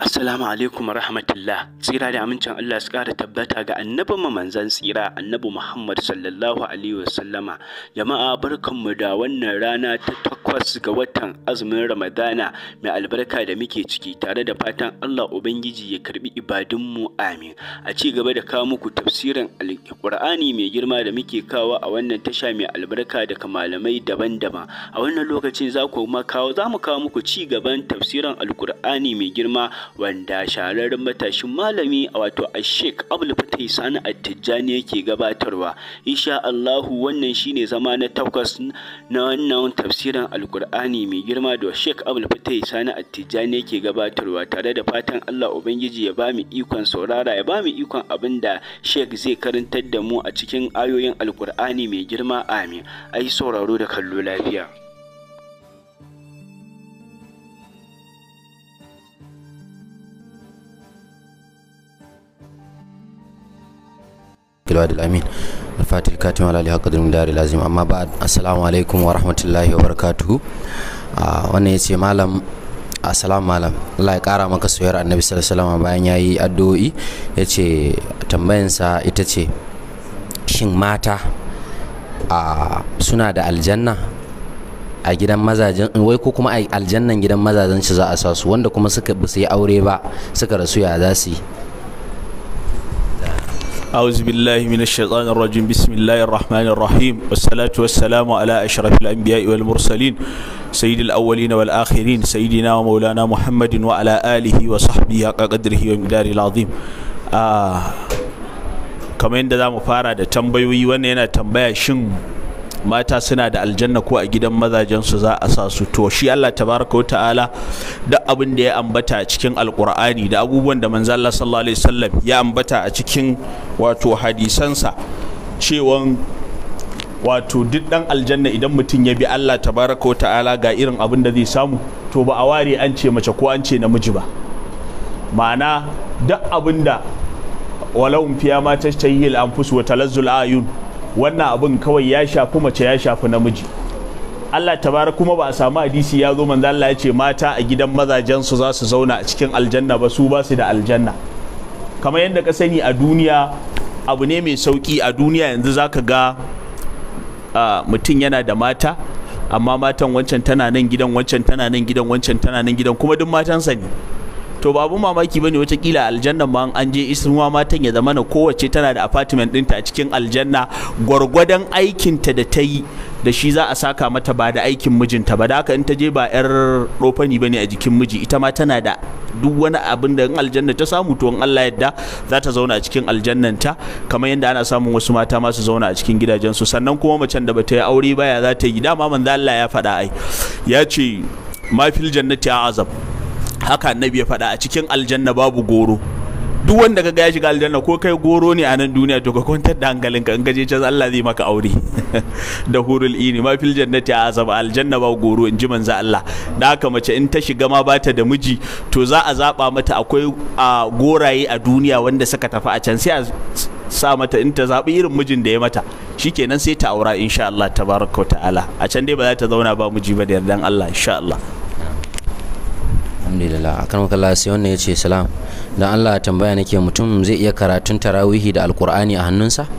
Assalamu alaikum wa rahmatullah. Tsira da amincin Allah su ƙara tabbata ga annabin mu tsira, Annabi Muhammad sallallahu alaihi sallama. Jama'a barkanmu da wannan rana ta takwas ga watan azumin Ramadana mai albarka da muke ciki tare da fatan Allah Ubangiji ya karbi ibadunmu amin. A ci gaba da kawo muku tafsirin Alƙur'ani mai girma da muke kawo a wannan tasha mai albarka daga malamai daban-daban. A wannan lokacin za ku kawo za mu kawo muku ci gaban tafsirin Alƙur'ani mai girma wanda shahararren matashin malami a wato a abul fatai sani attijani yake gabatarwa insha Allahu wannan shine zama na takwas na wannan tafsirin alkur'ani mai girma da shek abul sani attijani yake gabatarwa tare da fatan Allah ubangiji ya mu ikon saurara ya bamu ikon abin da shek zai karantar da mu a cikin ayoyin alkur'ani mai girma amin ai sauraro da kallo lafiya الوادي الأمين الفاتح الكاتم على ala قدر من دار العظيم بعد السلام عليكم الله wannan ya ce malam assalamu malam Allah ya kara maka soyar annabi sallallahu alaihi bayan yayi addu'o'i ya ce tambayansa ita ce shin mata ah, suna da aljanna a gidan mazajen wai ko kuma a aljannan gidan mazajen su za a sa wanda kuma suka ba yi aure ba suka rasu ya za su yi أعوذ بالله من الشيطان الرجيم بسم الله الرحمن الرحيم والصلاة والسلام على أشرف الأنبياء والمرسلين سيد الأولين والآخرين سيدنا ومولانا محمد وعلى آله وصحبه حق قدره ومقداره العظيم آه. kamar yadda za mu fara da tambayoyi wannan yana tambaya shin mata suna da aljanna ko a gidan mazajensu za a sa su to shi Allah tabaraka wa ta'ala da abin da ya ambata a cikin alkur'ani da abubuwan da manzo Allah sallallahu alaihi wasallam ya ambata a cikin wato hadisansa cewan wato duk dan aljanna idan mutum ya bi Allah tabaraka wa ta'ala ga irin abin da zai samu to ba a ware an ce mace ko an ce namiji ba ma'ana duk abin da walahum fiya ma tashtahihil anfus wa talazzul ayun wannan abin kawai ya shafi mace ya shafi namiji Allah ta tabara kuma ba a samu hadisi ya zo manzo Allah ya ce mata a gidan mazajen su za su zauna a cikin aljanna ba su ba su da aljanna kamar yadda ka sani a duniya abu ne mai sauki a duniya yanzu zaka ga mutum yana da mata amma matan wancan tana nan gidan wancan tana nan gidan wancan tana nan gidan kuma duk matansa ne to babu mamaki bane wata kila aljanna ma an je isuwa matan ya zamana kowace tana da apartment ɗinta a cikin aljanna gwargwadon aikinta da ta yi da shi za a saka mata ba da aikin mijinta ba da haka in ta je ba yar rofani bane a jikin miji ita ma tana da duk wani abin da in aljanna ta samu to in Allah yadda za ta zauna a cikin aljannan ta kamar yadda ana samun wasu mata ma su zauna a cikin gidajen su sannan kuma macen da bata yi aure baya za ta yi dama manzo Allah ya faɗa ai ya ce mafil jannati azab haka annabi ya faɗa a cikin aljanna babu goro duk wanda ka ya shiga aljanna ko kai goro ne a nan duniya to ka kwantar da ka in ka je can Allah zai maka aure da hurul ini ma fil jannati azab aljanna ba goro in ji manzo Allah da haka mace in ta shiga ma bata da miji to za a zaba mata akwai a goraye a duniya wanda suka tafi a can sai a sa mata in ta zaɓi irin mijin da ya mata shi shikenan sai ta aura insha Allah tabaraka ta'ala a can dai ba za ta zauna ba miji ba da yardan Allah insha Allah alhamdulillah akan wakala sai wannan ya ce salam don allah tambaya nake mutum zai iya karatun tarawihi da alkur'ani a hannunsa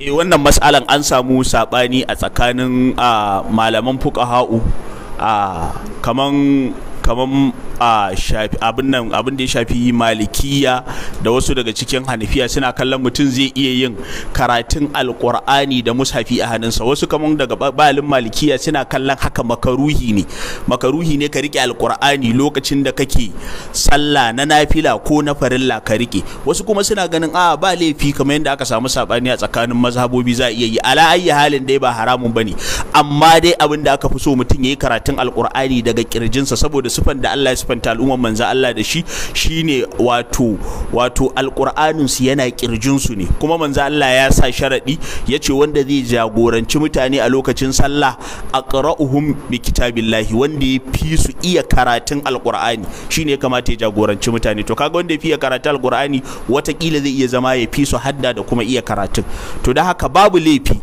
e wannan matsalan an samu saɓani a tsakanin ah, malaman fuka ah, kaman kaman a abin da ya shafi malikiya da wasu daga cikin hanafiya suna kallon mutum zai iya yin karatun alkur'ani da mushafi a hannunsa wasu kaman daga balin malikiya suna kallon haka makaruhi ne makaruhi ne ka rike alkur'ani lokacin da kake sallah na nafila ko na farilla ka rike wasu kuma suna ganin a ba laifi kamar yadda aka samu sabani a tsakanin mazhabobi za iya yi ala ayi halin dai ba haramun bane amma dai abin da aka fi so mutum yayi karatun alkur'ani daga kirjinsa saboda sufan da Allah ya siffanta al'umman manzo Allah da shi shine wato wato alqur'anin su yana kirjin su ne kuma manzo Allah ya sa sharadi ce wanda zai jagoranci mutane a lokacin sallah aqra'uhum bi kitabillahi wanda ya fi su iya karatun alqur'ani shine ya kamata ya jagoranci mutane to kaga wanda ya fi iya karatun alqur'ani watakila zai iya zama ya fi su hadda da kuma iya karatun to da haka babu laifi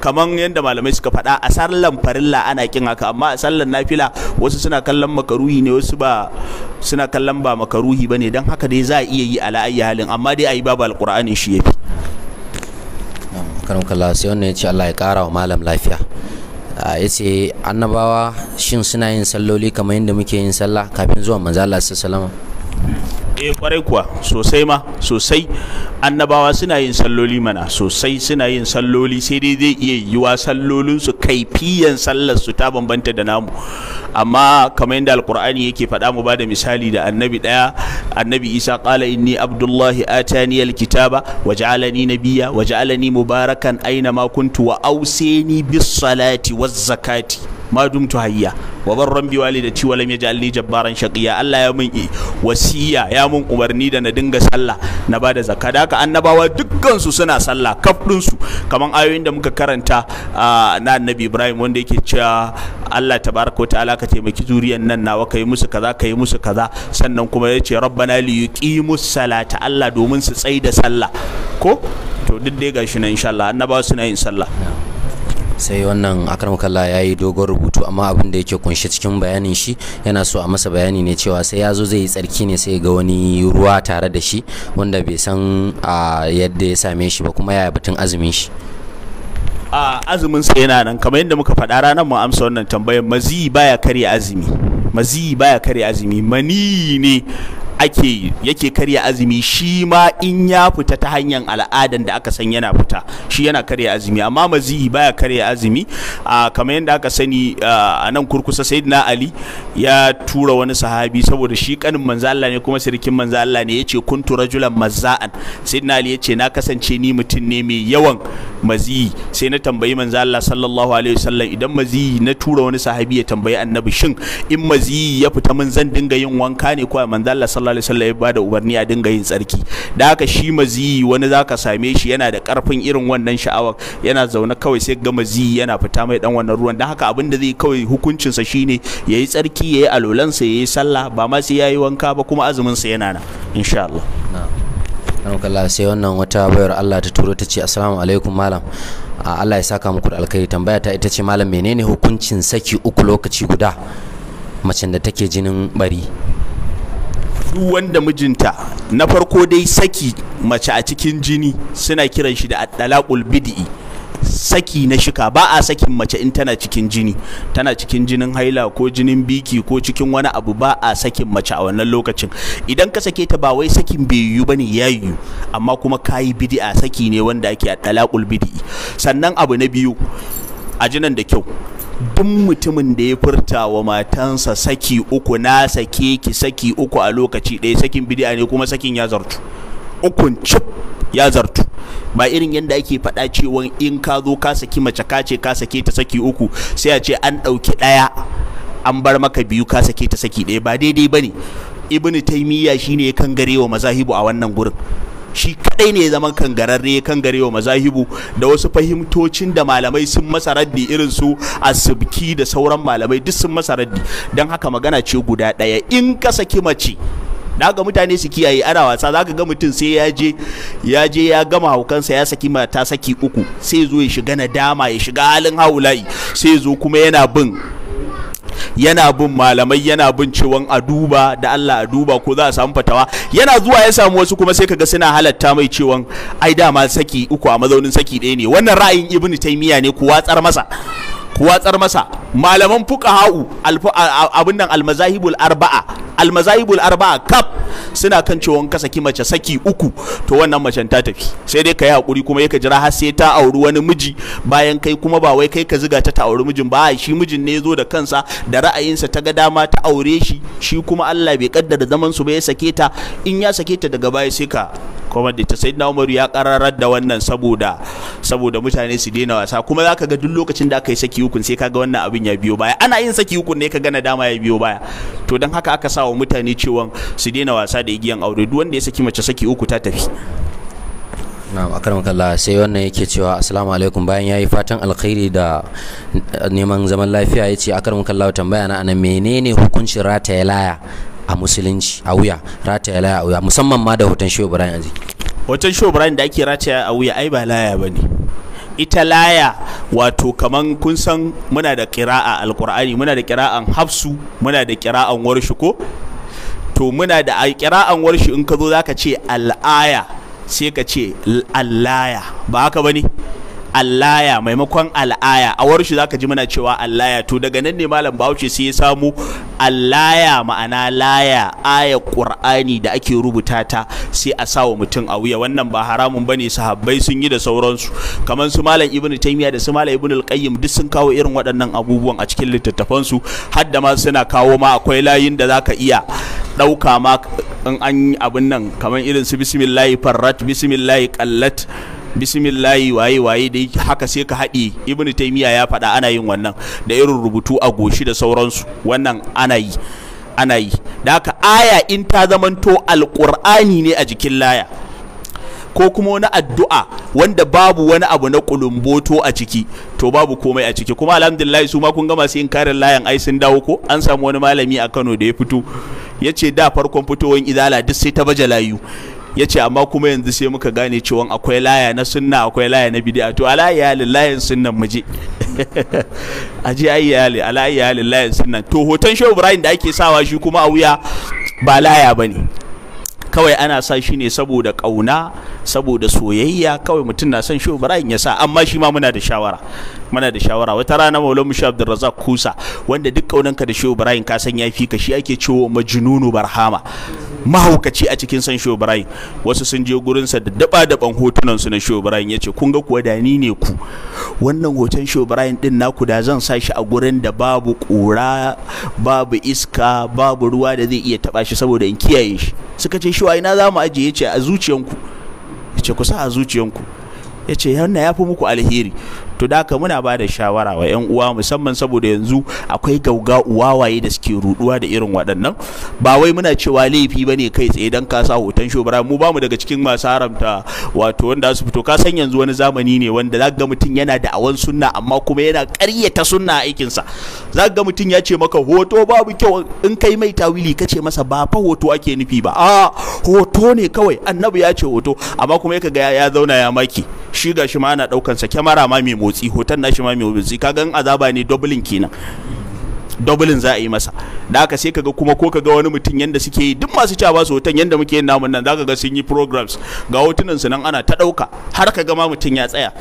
kaman yadda malamai suka faɗa a sallan farilla ana kin haka amma a sallan nafila wasu suna kallon makaruhi ne wasu ba suna kallon ba makaruhi bane dan haka dai za a iya yi ala ayi halin amma dai ayi babu alqur'ani shi yafi karon kallah sai wannan yace Allah ya kara wa malam lafiya yace annabawa shin suna yin salloli kamar yadda muke yin sallah kafin zuwa manzo Allah sallallahu alaihi wasallam eh kwarai kuwa sosai ma sosai annabawa suna yin salloli mana sosai suna yin salloli sai dai zai iya yiwa sallolinsu kaifiyan sallarsu ta bambanta da namu amma kamar yadda alkur'ani yake faɗa mu ba da misali da annabi ɗaya annabi isa ƙala inni abdullahi atani alkitaba wa ja'alani nabiya waje alani mubarakan aina ma kuntu wa auseni bis salati zakati ma dumtu hayya wa barran bi walidati wa lam yaj'alni jabbaran shaqiya Allah ya mun wasiya ya mun umarni da na dinga sallah na bada zakka da ka annabawa dukkan su suna sallah kaf din su kaman ayoyin da muka karanta na annabi Ibrahim wanda yake cewa Allah tabaraka ta'ala ka taimaki zuriyan nan nawa kai musu kaza kai musu kaza sannan kuma yace rabbana li yuqimus salata Allah domin su tsaida sallah ko to duk dai gashi na insha Allah annabawa suna yin sallah sai wannan akram kalla ya yi dogon rubutu amma abin da yake kunshi cikin bayanin shi yana so a masa bayani ne cewa sai ya zo zai yi tsarki ne sai ga wani ruwa tare da shi wanda bai san yadda ya same shi ba kuma yaya batun azumin shi a azumin sa yana nan kamar yadda muka faɗa ranar mu amsa wannan tambayar mazi baya karya azumi mazi baya karya azumi mani ne ake yake karya azumi shi ma in ya fita ta hanyar al'adan da aka san yana fita shi yana karya azumi amma maziyi baya karya azumi kamar yadda aka sani a nan kurkusa sayyidina ali ya tura wani sahabi saboda shi kanin manzo Allah ne kuma sirkin manzo Allah ne yace kuntu rajulan mazza'an sayyidina ali yace na kasance ni mutum ne mai yawan mazihi sai na tambayi manzo Allah sallallahu alaihi wasallam idan mazihi na tura wani sahabi ya tambayi annabi shin in mazihi ya fita mun zan dinga yin wanka ne ko manzo Allah sallallahu sallallahu alaihi wasallam ya bada umarni a dinga yin tsarki da haka shi maziyi wani zaka same shi yana da karfin irin wannan sha'awar yana zaune kawai sai ga maziyi yana fita mai dan wannan ruwan dan haka abin da zai kawai hukuncin sa shine yayi tsarki yayi alolansa yayi sallah ba ma sai yayi wanka ba kuma azumin sa yana nan insha Allah na'am sai wannan wata bayar Allah ta turo ta ce assalamu alaikum malam Allah ya saka muku da alkai tambaya ta ita ce malam menene hukuncin saki uku lokaci guda macen da take jinin bari duk wanda mijinta na farko dai saki mace a cikin jini suna kiran shi da addalaqul bid'i saki na shika ba a sakin mace in tana cikin jini tana cikin jinin haila ko jinin biki ko cikin wani abu ba a sakin mace a wannan lokacin idan ka sake ta ba wai sakin bai yiwu bane ya yiwu amma kuma kayi bid'a saki ne wanda ake addalaqul bid'i sannan abu na biyu a jinan da kyau duk mutumin da ya furta wa matansa saki uku na sake ki saki uku a lokaci ɗaya sakin bidi'a ne kuma sakin ya zartu ukun cip ya zartu ba irin yadda ake faɗa cewa in ka zo ka saki mace ka ce ka sake ta saki uku sai a ce an ɗauki ɗaya an bar maka biyu ka sake ta saki ɗaya ba daidai ba ne ibn taimiyya shine ya kangare garewa mazahibu a wannan gurin shi kadai ne zaman kangararre garewa mazahibu da wasu fahimtocin da malamai sun masa raddi irin su asibki da sauran malamai duk sun masa raddi don haka magana ce guda ɗaya in ka saki mace da ga mutane su kiyaye ana wasa za ka ga mutum sai ya je ya je ya gama haukansa ya saki mata saki uku sai zo ya shiga nadama ya shiga halin haula'i sai zo kuma yana bin yana bin malamai yana bin cewan a duba da Allah a duba ko za a samu fatawa yana zuwa ya samu wasu kuma sai kaga suna halatta mai cewan ai dama saki uku a mazaunin saki ɗaya ne wannan ra'ayin ibnu taymiya ne ku watsar masa watsar masa malaman fuka ha'u abin nan almazahibul arba'a almazahibul arba'a kaf suna kan cewon ka saki mace saki uku to wannan macen ta tafi sai dai ka yi hakuri kuma yaka jira har sai ta auri wani miji bayan kai kuma ba wai kai ka ziga ta ta auri mijin ba shi mijin ne ya zo da kansa da ra'ayinsa ta ga dama ta aure shi shi kuma Allah bai kaddara zaman su ba ya sake ta in ya sake ta daga baya sai ka kuma da na umaru ya kararar da wannan saboda saboda mutane su daina wasa kuma zaka ga duk lokacin da aka yi saki hukun sai kaga wannan abin ya biyo baya ana yin saki hukun ne ka gana dama ya biyo baya to dan haka aka sa wa mutane cewa su daina wasa da igiyan aure duk wanda ya saki mace saki uku ta tafi na'am akan makalla sai wannan yake cewa assalamu alaikum bayan yayi fatan alkhairi da neman zaman lafiya yace akan makalla tambaya na anan menene hukuncin rataya laya a musulunci a wuya rataya laya a wuya musamman ma da hoton shehu ibrahim aziz hoton shehu ibrahim da ake rataya a wuya ai ba laya ba ne ita laya wato kaman kun san muna da kira'a alkur'ani muna da kira'an hafsu muna da kira'an warshi ko to muna da kira'an warshi in ka zo zaka ce al'aya sai ka ce allaya ba haka ne? allaya maimakon al'aya a za zaka ji muna cewa allaya to daga nan ne malam wuce sai ya samu allaya ma'ana laya aya ƙur'ani da ake rubuta ta sai a sawa mutum a wuya wannan ba haramun ba bane sahabbai sun yi da sauransu kamar su malam ibnu taymiya da su malam ibnu al duk sun kawo irin waɗannan abubuwan a cikin littattafan su har da ma suna kawo ma akwai layin da zaka iya ɗauka ma in an yi abin nan kamar irin su bismillahi farrat bismillahi kallat. bismillahi waye waye da haka sai ka haɗe ibnu taymiya ya faɗa ana yin wannan da irin rubutu a goshi da sauransu wannan ana yi ana yi da haka aya in ta zamanto alqur'ani ne a jikin laya ko kuma wani addu'a wanda babu wani abu na kulumboto a ciki to babu komai a ciki kuma alhamdulillah su ma kun ga masu inkarin layan ai sun dawo ko an samu wani malami a Kano da ya fito ya ce da farkon fitowar izala duk sai ta baje layu ya ce amma kuma yanzu sai muka gane cewa akwai laya na sunna akwai laya na a to ala iyali layin sunnan mu je ji ai iyali ala iyali layin sunnan to hoton shehu ibrahim da ake sawa shi kuma a wuya ba laya bane kawai ana sa shi ne saboda kauna saboda soyayya kawai mutum na son shehu ibrahim ya sa amma shi ma muna da shawara muna da shawara wata rana maulan mushi abdulrazak kusa wanda duk kaunanka da shehu ibrahim ka san ya fi ka shi ake cewa majnunu barhama mahaukaci a cikin san Shehu wasu sun je gurinsa da daba daban hotunan su na Shehu yace kun ga kuwa da ni ne ku wannan hoton Shehu ɗin din naku da zan sa shi a gurin da babu kura babu iska babu ruwa da zai iya taba shi saboda in kiyaye shi suka ce shi ina za mu ajiye kusa a zuciyanku yace ku sa a zuciyanku yace ya fi muku alheri to da muna ba da shawara wa 'yan uwa musamman saboda yanzu akwai gauga uwawaye da suke ruduwa da irin waɗannan ba wai muna cewa laifi bane kai tsaye dan ka sa hoton shobara mu bamu daga cikin masu haramta wato wanda su fito ka san yanzu wani zamani ne wanda za ga mutum yana da awan sunna amma kuma yana ƙaryata sunna a aikinsa za ga mutum ya ce maka hoto babu kyau in kai mai tawili ka ce masa ba fa hoto ake nufi ba a hoto ne kawai annabi ya ce hoto amma kuma ya ga ya zauna ya maki shi gashi ma ana ɗaukansa kyamara ma mai motsi hoton nashi ma mai motsi kaga azaba ne doubling kenan doubling za a yi masa da haka sai kaga kuma ko kaga wani mutum yanda suke yi duk masu cewa su hoton yanda muke yin namun nan zaka ga sun yi programs ga hotunan su nan ana ta dauka har ka ga ma mutum ya tsaya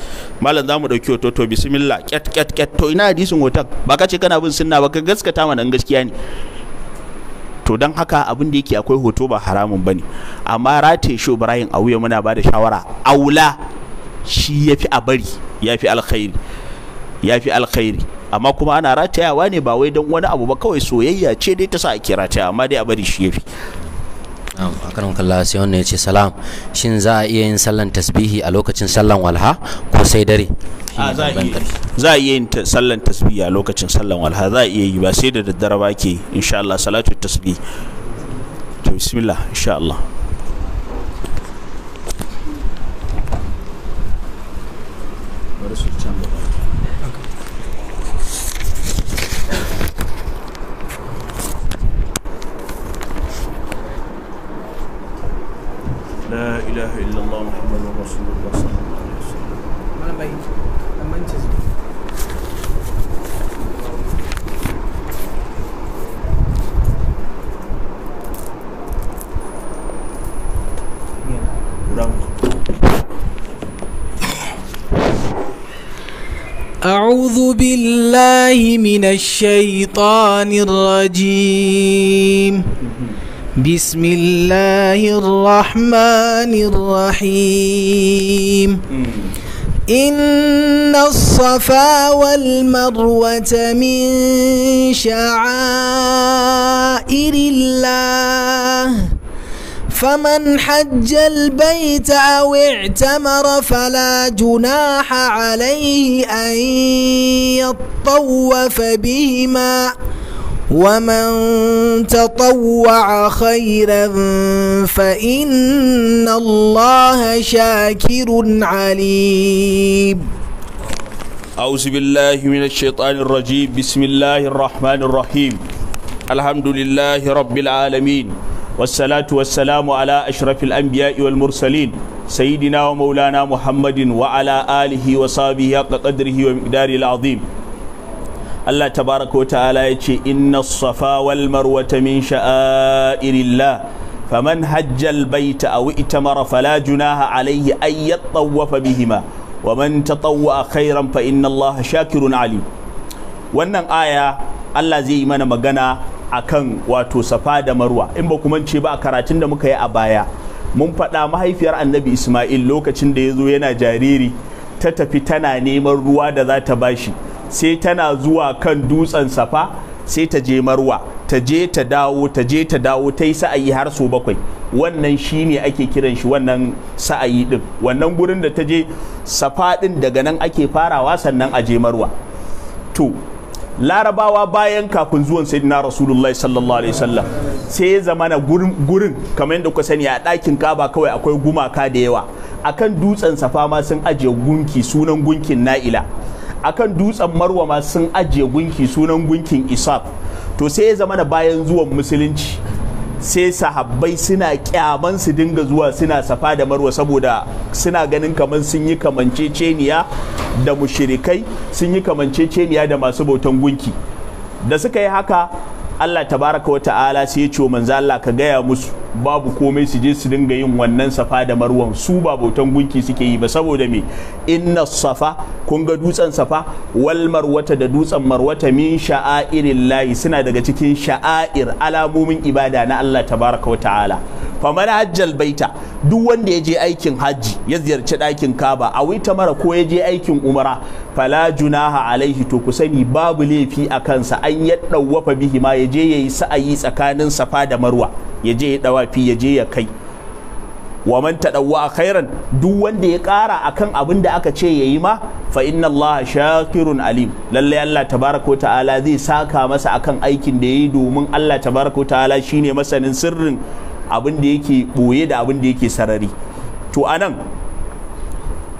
malam zamu dauki hoto to bismillah ket ket ket to ina hadisin hoton ba ka ce kana bin sunna ba ka gaskata mana gaskiya ne to don haka abin da yake akwai hoto ba haramun bane amma rataye shi Ibrahim a wuya muna bada da shawara aula shi ya fi a bari ya fi alkhairi ya fi alkhairi amma kuma ana ratayawa ne ba wai don wani abu ba kawai soyayya ce dai ta sa ake rataya amma dai a bari shi ya fi a karin kalla sai wanda ya ce salam shin za a iya yin sallan tasbihi a lokacin sallan walha ko sai dare za a iya yin sallan tasbihi a lokacin sallan walha za a iya yi ba sai da daddare ba ke insha Allah salatu tasbihi to bismillah insha Allah onlara süreceğim baba. La ilahe illallah Muhammedun Resulullah sallallahu من الشيطان الرجيم بسم الله الرحمن الرحيم إن الصفا والمروة من شعائر الله فمن حج البيت أو اعتمر فلا جناح عليه أن يطوف بهما ومن تطوع خيرا فإن الله شاكر عليم أعوذ بالله من الشيطان الرجيم بسم الله الرحمن الرحيم الحمد لله رب العالمين والصلاة والسلام على أشرف الأنبياء والمرسلين سيدنا ومولانا محمد وعلى آله وصحبه حق قدره ومقداره العظيم الله تبارك وتعالى يتشي إن الصفا والمروة من شعائر الله فمن حج البيت أو ائتمر فلا جناها عليه أن يطوف بهما ومن تطوع خيرا فإن الله شاكر عليم wannan aya Allah zai yi mana magana akan wato safa da marwa in ba kuma ce ba a karatun da muka yi a baya mun faɗa mahaifiyar annabi ismail lokacin da ya zo yana jariri ta tafi tana neman ruwa da za ta bashi sai tana zuwa kan dutsen safa sai ta je marwa ta je ta dawo ta je ta dawo ta yi sa'ayi har so bakwai wannan shi ne ake kiran shi wannan sa'ayi din wannan gurin da ta je safa din daga nan ake farawa sannan a je marwa to larabawa bayan kafin zuwan sayyidina rasulullahi sallallahu alaihi wasallam sai ya zamana gurin kamar yadda kuka sani a ɗakin kaba kawai akwai gumaka da yawa akan dutsen safa ma sun ajiye gunki sunan gunkin na'ila akan dutsen marwa ma sun ajiye gunki sunan gunkin isaf to sai ya zamana bayan zuwan musulunci sai sahabbai suna kyaman su dinga zuwa suna safa da marwa saboda suna ganin kamar sun yi kamanceceniya da mushirikai sun yi kamanceceniya da masu bautan gunki da suka yi haka Allah tabaraka wa ta'ala sai ya ce manzo Allah ka gaya musu babu komai su je su dinga yin wannan safa da marwan su ba bautan gunki suke yi ba saboda me inna safa kun ga dutsen safa wal marwata da dutsen marwata min sha'airin layi suna daga cikin sha'air alamomin ibada na Allah tabaraka wa ta'ala faman hajjal baita duk wanda ya je aikin hajji ya ziyarci dakin kaba a wita mara ko ya je aikin umara fala junaha alaihi to ku sani babu laifi a kansa an yaddawafa bihi ma ya je ya yi sa'ayi tsakanin safa da marwa ya je ya tawafi ya je ya kai wa man tadawwa khairan duk wanda ya kara akan abin da aka ce yayi ma fa inna Allah shakirun alim lalle Allah tabaraka ta'ala zai saka masa akan aikin da yayi domin Allah tabaraka ta'ala shine masanin sirrin abin da yake boye da abin da yake sarari to anan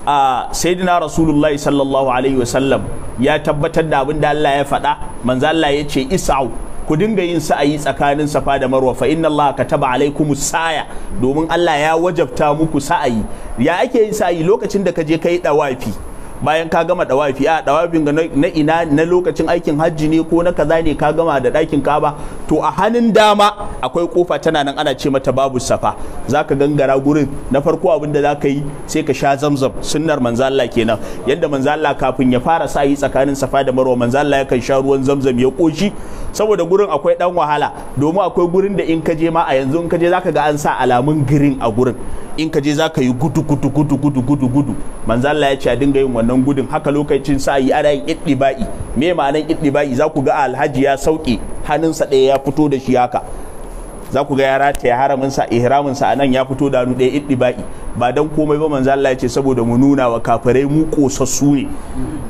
a sayyidina rasulullahi sallallahu alaihi wasallam ya tabbatar da abin da Allah ya faɗa manzo Allah ya ce isa'u ku dinga yin sa'ayi tsakanin safa da marwa fa inna allaha kataba alaikum saya domin allah ya wajabta muku sa'ayi ya ake yin sa'ayi lokacin da ka je kai dawafi bayan ka gama dawafi a dawafin ga na ina na lokacin aikin hajji ne ko na kaza ne ka gama da ɗakin kaba to a hannun dama akwai kofa tana nan ana ce mata babu safa zaka gangara gurin na farko abin da zaka yi sai ka sha zamzam sunnar manzo Allah kenan yadda manzo Allah kafin ya fara sa'i tsakanin safa da marwa manzo Allah yakan sha ruwan zamzam ya koshi saboda gurin akwai dan wahala domin akwai gurin da in ka je ma a yanzu in ka je zaka ga an sa alamun girin a gurin in ka je za ka yi gudu gudu gudu gudu gudu gudu ya ce a dinga yin wannan gudun haka lokacin sa yi ana yin iddibai me ma'anan iddibai za ku ga alhaji ya sauke hannunsa ɗaya ya fito da shi haka za ku ga yara ta ya rataya sa ihramin sa anan ya fito da hannu ɗaya iddiba'i ba dan komai ba manzo Allah ya ce saboda mu nuna wa kafirai mu kosassu ne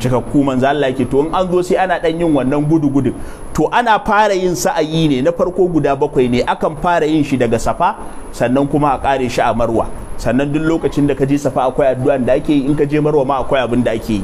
cikakku manzo Allah yake to in an zo sai ana dan yin wannan gudu gudu to ana fara yin sa'ayi ne na farko guda bakwai ne akan fara yin shi daga safa sannan kuma a kare shi a marwa sannan duk lokacin da ka je safa akwai addu'an da ake yi in ka je marwa ma akwai abin da ake yi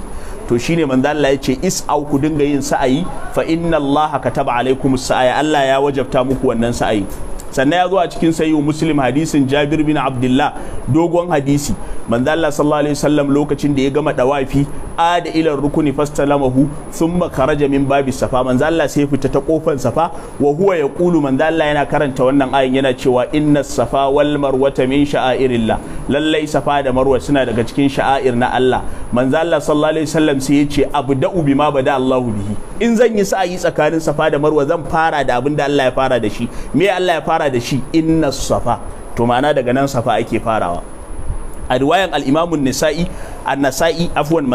to shine manzo Allah ya ce is'au ku dinga yin sa'ayi fa inna Allah kataba alaikumus sa'aya Allah ya wajabta muku wannan sa'ayi sannan ya zo a cikin sayi muslim hadisin jabir bin abdullah dogon hadisi manzo Allah sallallahu alaihi wasallam lokacin da ya gama dawafi ada ila rukuni fastalamahu thumma kharaja min babi safa manzo Allah sai fita ta kofan safa wa huwa yaqulu manzo Allah yana karanta wannan ayin yana cewa inna safa wal marwata min sha'airillah lallai safa da marwa suna daga cikin sha'air na Allah manzo Allah sallallahu alaihi wasallam sai ya ce abda'u bima bada Allahu bihi in zan yi sa'ayi tsakanin safa da marwa zan fara da abin da Allah ya fara da shi me Allah ya fara fara da shi inna safa to ma'ana daga nan safa ake farawa a riwayan al-imamun nisa'i an-nasa'i afwan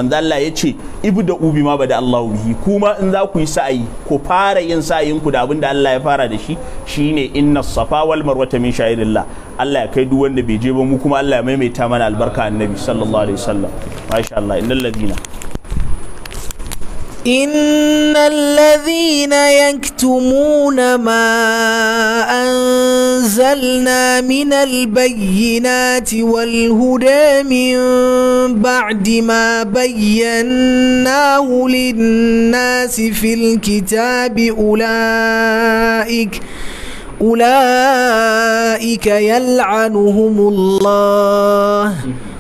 ce ibu da ubi ma da Allahu bihi kuma in za ku yi sa'ayi ku fara yin sa'ayin ku da abinda Allah ya fara da shi shine inna safa wal marwata min sha'irillah Allah ya kai duk wanda bai je ba mu kuma Allah ya maimaita mana albarka annabi sallallahu alaihi wasallam masha Allah innal ladina إن الذين يكتمون ما أنزلنا من البينات والهدى من بعد ما بيناه للناس في الكتاب أولئك أولئك يلعنهم الله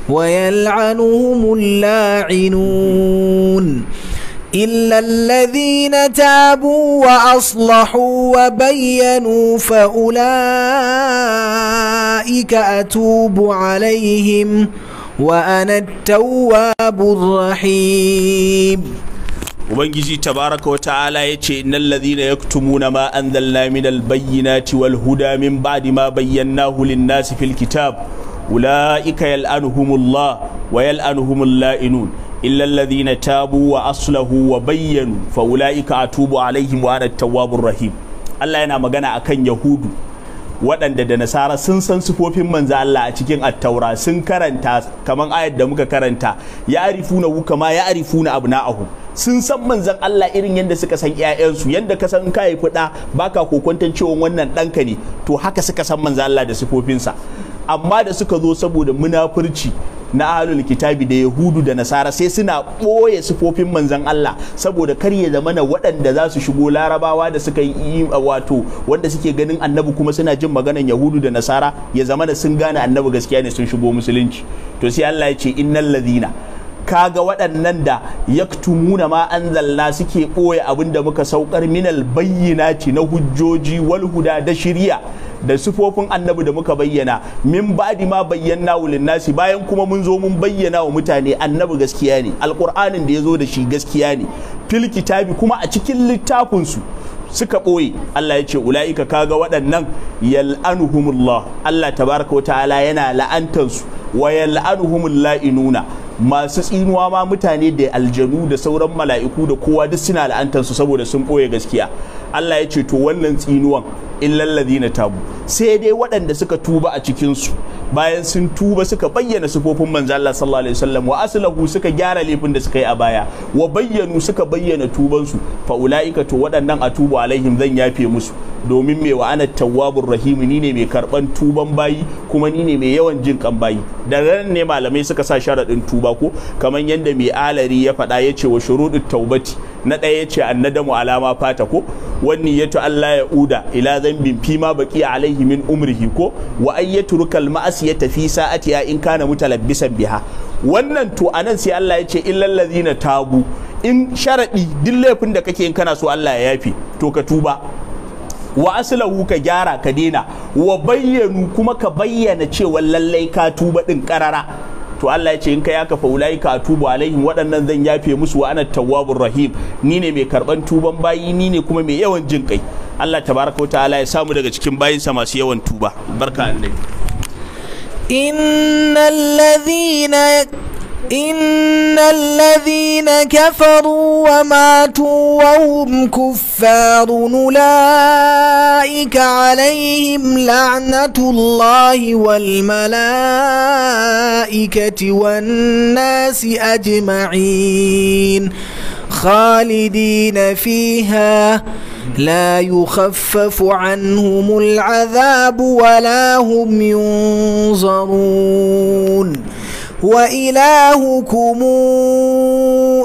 ويلعنهم اللاعنون إلا الذين تابوا وأصلحوا وبينوا فأولئك أتوب عليهم وأنا التواب الرحيم Ubangiji tabaraka wa ta'ala ya ce innal ladhina yaktumuna ma anzalna minal bayyinati wal huda min ba'di ma bayyanahu lin-nasi fil kitab ulaika yal'anuhumullah wa yal'anuhumul la'inun إلا wa تابوا وأصلحوا وبينوا فأولئك أتوب عليهم at-tawwabur rahim allah yana magana akan yahudu waɗanda da nasara sun san sufofin manzo Allah a cikin attaura sun karanta kaman ayat da muka karanta ya arifuna wu kama ya arifuna abna'ahum sun san manzan Allah irin yadda suka san 'ya'yansu yadda ka san ka haifi baka kokwantan cewa wannan ɗanka ne to haka suka san manzan Allah da sifofinsa amma da suka zo saboda munafurci na ahlul kitabi da yahudu da nasara sai suna ɓoye sufofin manzan Allah saboda kar ya zamana waɗanda za su shigo larabawa da suka yi wato wanda suke ganin annabi kuma suna jin maganan yahudu da nasara ya zama da sun gane annabi gaskiya ne sun shigo musulunci to sai Allah ya ce innal ladina kaga waɗannan da yaktumuna ma anzalna suke ɓoye abin da muka saukar minal bayyinati na hujjoji wal huda da shiriya da sifofin annabi da muka bayyana min ba'di ma bayyana wulin nasi bayan kuma mun zo mun bayyana wa mutane annabi gaskiya ne alqur'anin da ya zo da shi gaskiya ne fil kitabi kuma a cikin littafin suka ɓoye Allah ya ce ula'ika kaga waɗannan yal'anuhumullah Allah tabaraka wa ta'ala yana la'antansu wa yal'anuhumul la'inuna masu tsinuwa ma mutane da aljanu da sauran mala'iku da kowa duk suna la'antansu saboda sun ɓoye gaskiya Allah ya ce to wannan tsinuwan in illal na tabu sai dai waɗanda suka tuba a cikin su bayan sun tuba suka bayyana sufofin manzo Allah sallallahu alaihi wasallam wa aslahu suka gyara laifin da suka yi a baya wa bayyanu suka bayyana tuban su fa to waɗannan a tubu alaihim zan yafe musu domin mai wa'anar ana tawwabur rahim ni ne mai karban tuban bayi kuma ni ne mai yawan jin kan bayi da ran ne malamai suka sa sharadin tuba ko kamar yadda mai alari ya faɗa ya ce wa shurudut taubati na ɗaya ya ce annadamu alama fata ko wani ya Allah ya uda ila zambin fi ma baki alaihi min umrihi ko wa an ya turkal ya tafi sa'atiya in kana mutalabbisan biha wannan to anan sai Allah ya ce in illal na tabu in sharaɗi duk laifin da kake in kana so Allah ya yafi to ka tuba wa aslahu ka gyara ka daina wa bayyanu kuma ka bayyana cewa lallai ka tuba din karara to Allah ya ce in ka kafa fa ka tubu alaihim waɗannan zan yafe musu wa ana tawwabur rahim ni ne mai karban tuban bayi ni ne kuma mai yawan jin kai Allah tabaraka ta'ala ya samu daga cikin bayinsa masu yawan tuba barka annabi innal ladhina إن الذين كفروا وماتوا وهم كفار أولئك عليهم لعنة الله والملائكة والناس أجمعين خالدين فيها لا يخفف عنهم العذاب ولا هم ينظرون وإلهكم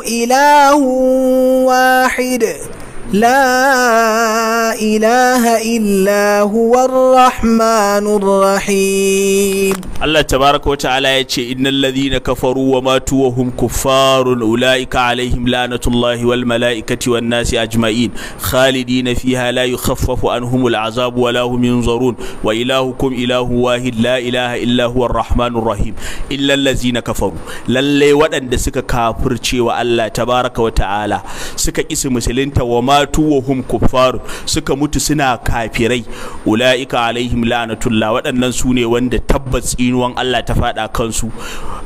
إله واحد لا إله إلا هو الرحمن الرحيم الله تبارك وتعالى يتشي إن الذين كفروا وماتوا وهم كفار أولئك عليهم لعنة الله والملائكة والناس أجمعين خالدين فيها لا يخفف عنهم العذاب ولا هم ينظرون وإلهكم إله واحد لا إله إلا هو الرحمن الرحيم إلا الذين كفروا للي ودن سكا كافر تشي الله تبارك وتعالى سكا اسم سلنت وما matu wa hum suka mutu suna kafirai ulaika alaihim la'natullah waɗannan su ne wanda tabbas tsinuwan Allah ta faɗa kansu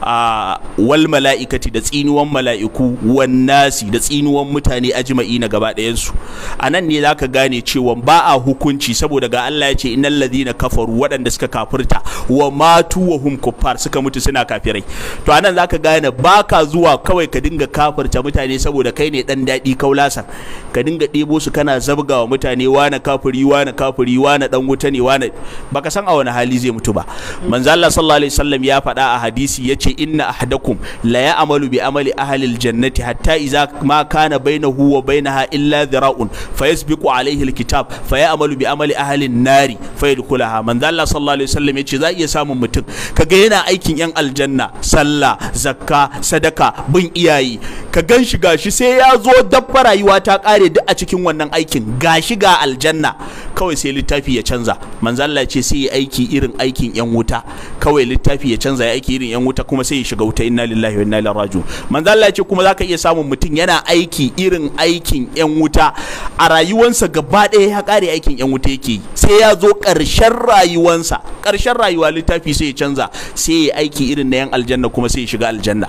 a wal mala'ikati da tsinuwan mala'iku wan nasi da tsinuwan mutane ajma'i na gaba ɗayan su anan ne zaka gane cewa ba a hukunci saboda ga Allah ya ce innal ladina kafaru waɗanda suka kafirta wa matu wa hum kuffar suka mutu suna kafirai to anan zaka gane baka zuwa kawai ka dinga kafirta mutane saboda kai ne dan daɗi kaulasan ka dinga ɗebo su kana wa mutane wane kafiri wane kafiri wane dan wuta ne wane baka san a wani hali zai mutu ba manzo Allah sallallahu alaihi wasallam ya faɗa a hadisi yace inna ahadakum la ya'malu bi amali ahli aljannati hatta idza ma kana bainahu wa bainaha illa dhira'un yasbiqu alaihi alkitab ya'malu bi amali ahli nari yadkhulaha manzo Allah sallallahu alaihi wasallam yace za iya samun mutum kaga yana aikin yan aljanna sallah zakka sadaka bin iyaye ka gan shi gashi sai ya zo dabba rayuwa ta kare duk a cikin wannan aikin ga shi ga aljanna kawai sai littafi ya canza manzalla ce sai ya aiki irin aikin yan wuta kawai littafi ya canza ya aiki irin yan wuta kuma sai ya shiga wuta inna lillahi wa inna ilaihi raji'un manzalla ce kuma zaka iya samun mutum yana aiki irin aikin yan wuta a rayuwarsa gaba ɗaya ya kare aikin yan wuta yake yi sai ya zo karshen rayuwarsa ƙarshen rayuwa littafi sai ya canza sai ya aiki irin na yan aljanna kuma sai ya shiga aljanna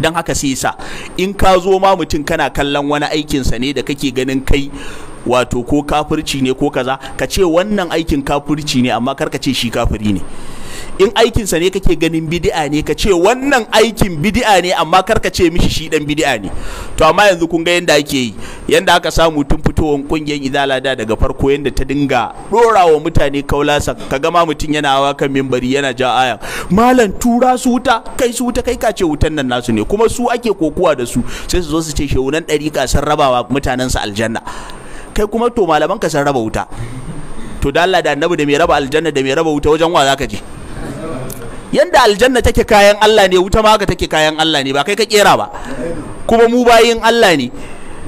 don haka sai sa in ka zo ma mutum kana kallon wani aikinsa ne da kake ganin kai wato ko kafirci ne ko kaza ka ce wannan aikin kafirci ne amma kar ka ce shi kafiri ne in sa ne kake ganin bidi'a ne ka ce wannan aikin bidi'a ne amma kar ka ce mishi shi dan bidi'a ne to amma yanzu kun ga yanda ake yi yanda aka samu tun fitowar kungiyar izalada daga farko yanda ta dinga dora wa mutane kaulasa ka ga mutum yana hawa kan mimbari yana ja aya malam tura su wuta kai su wuta kai ka ce wutan nan nasu ne kuma su ake kokuwa da su sai su zo su ce shehunan ɗariƙa sun rabawa mutanensa aljanna kai kuma to malaman ka sun raba wuta to da da annabi da mai raba aljanna da mai raba wuta wajen wa zaka je yanda aljanna take kayan Allah ne wuta ma ga take kayan Allah ne ba kai ka kera ba kuma mu bayin Allah ne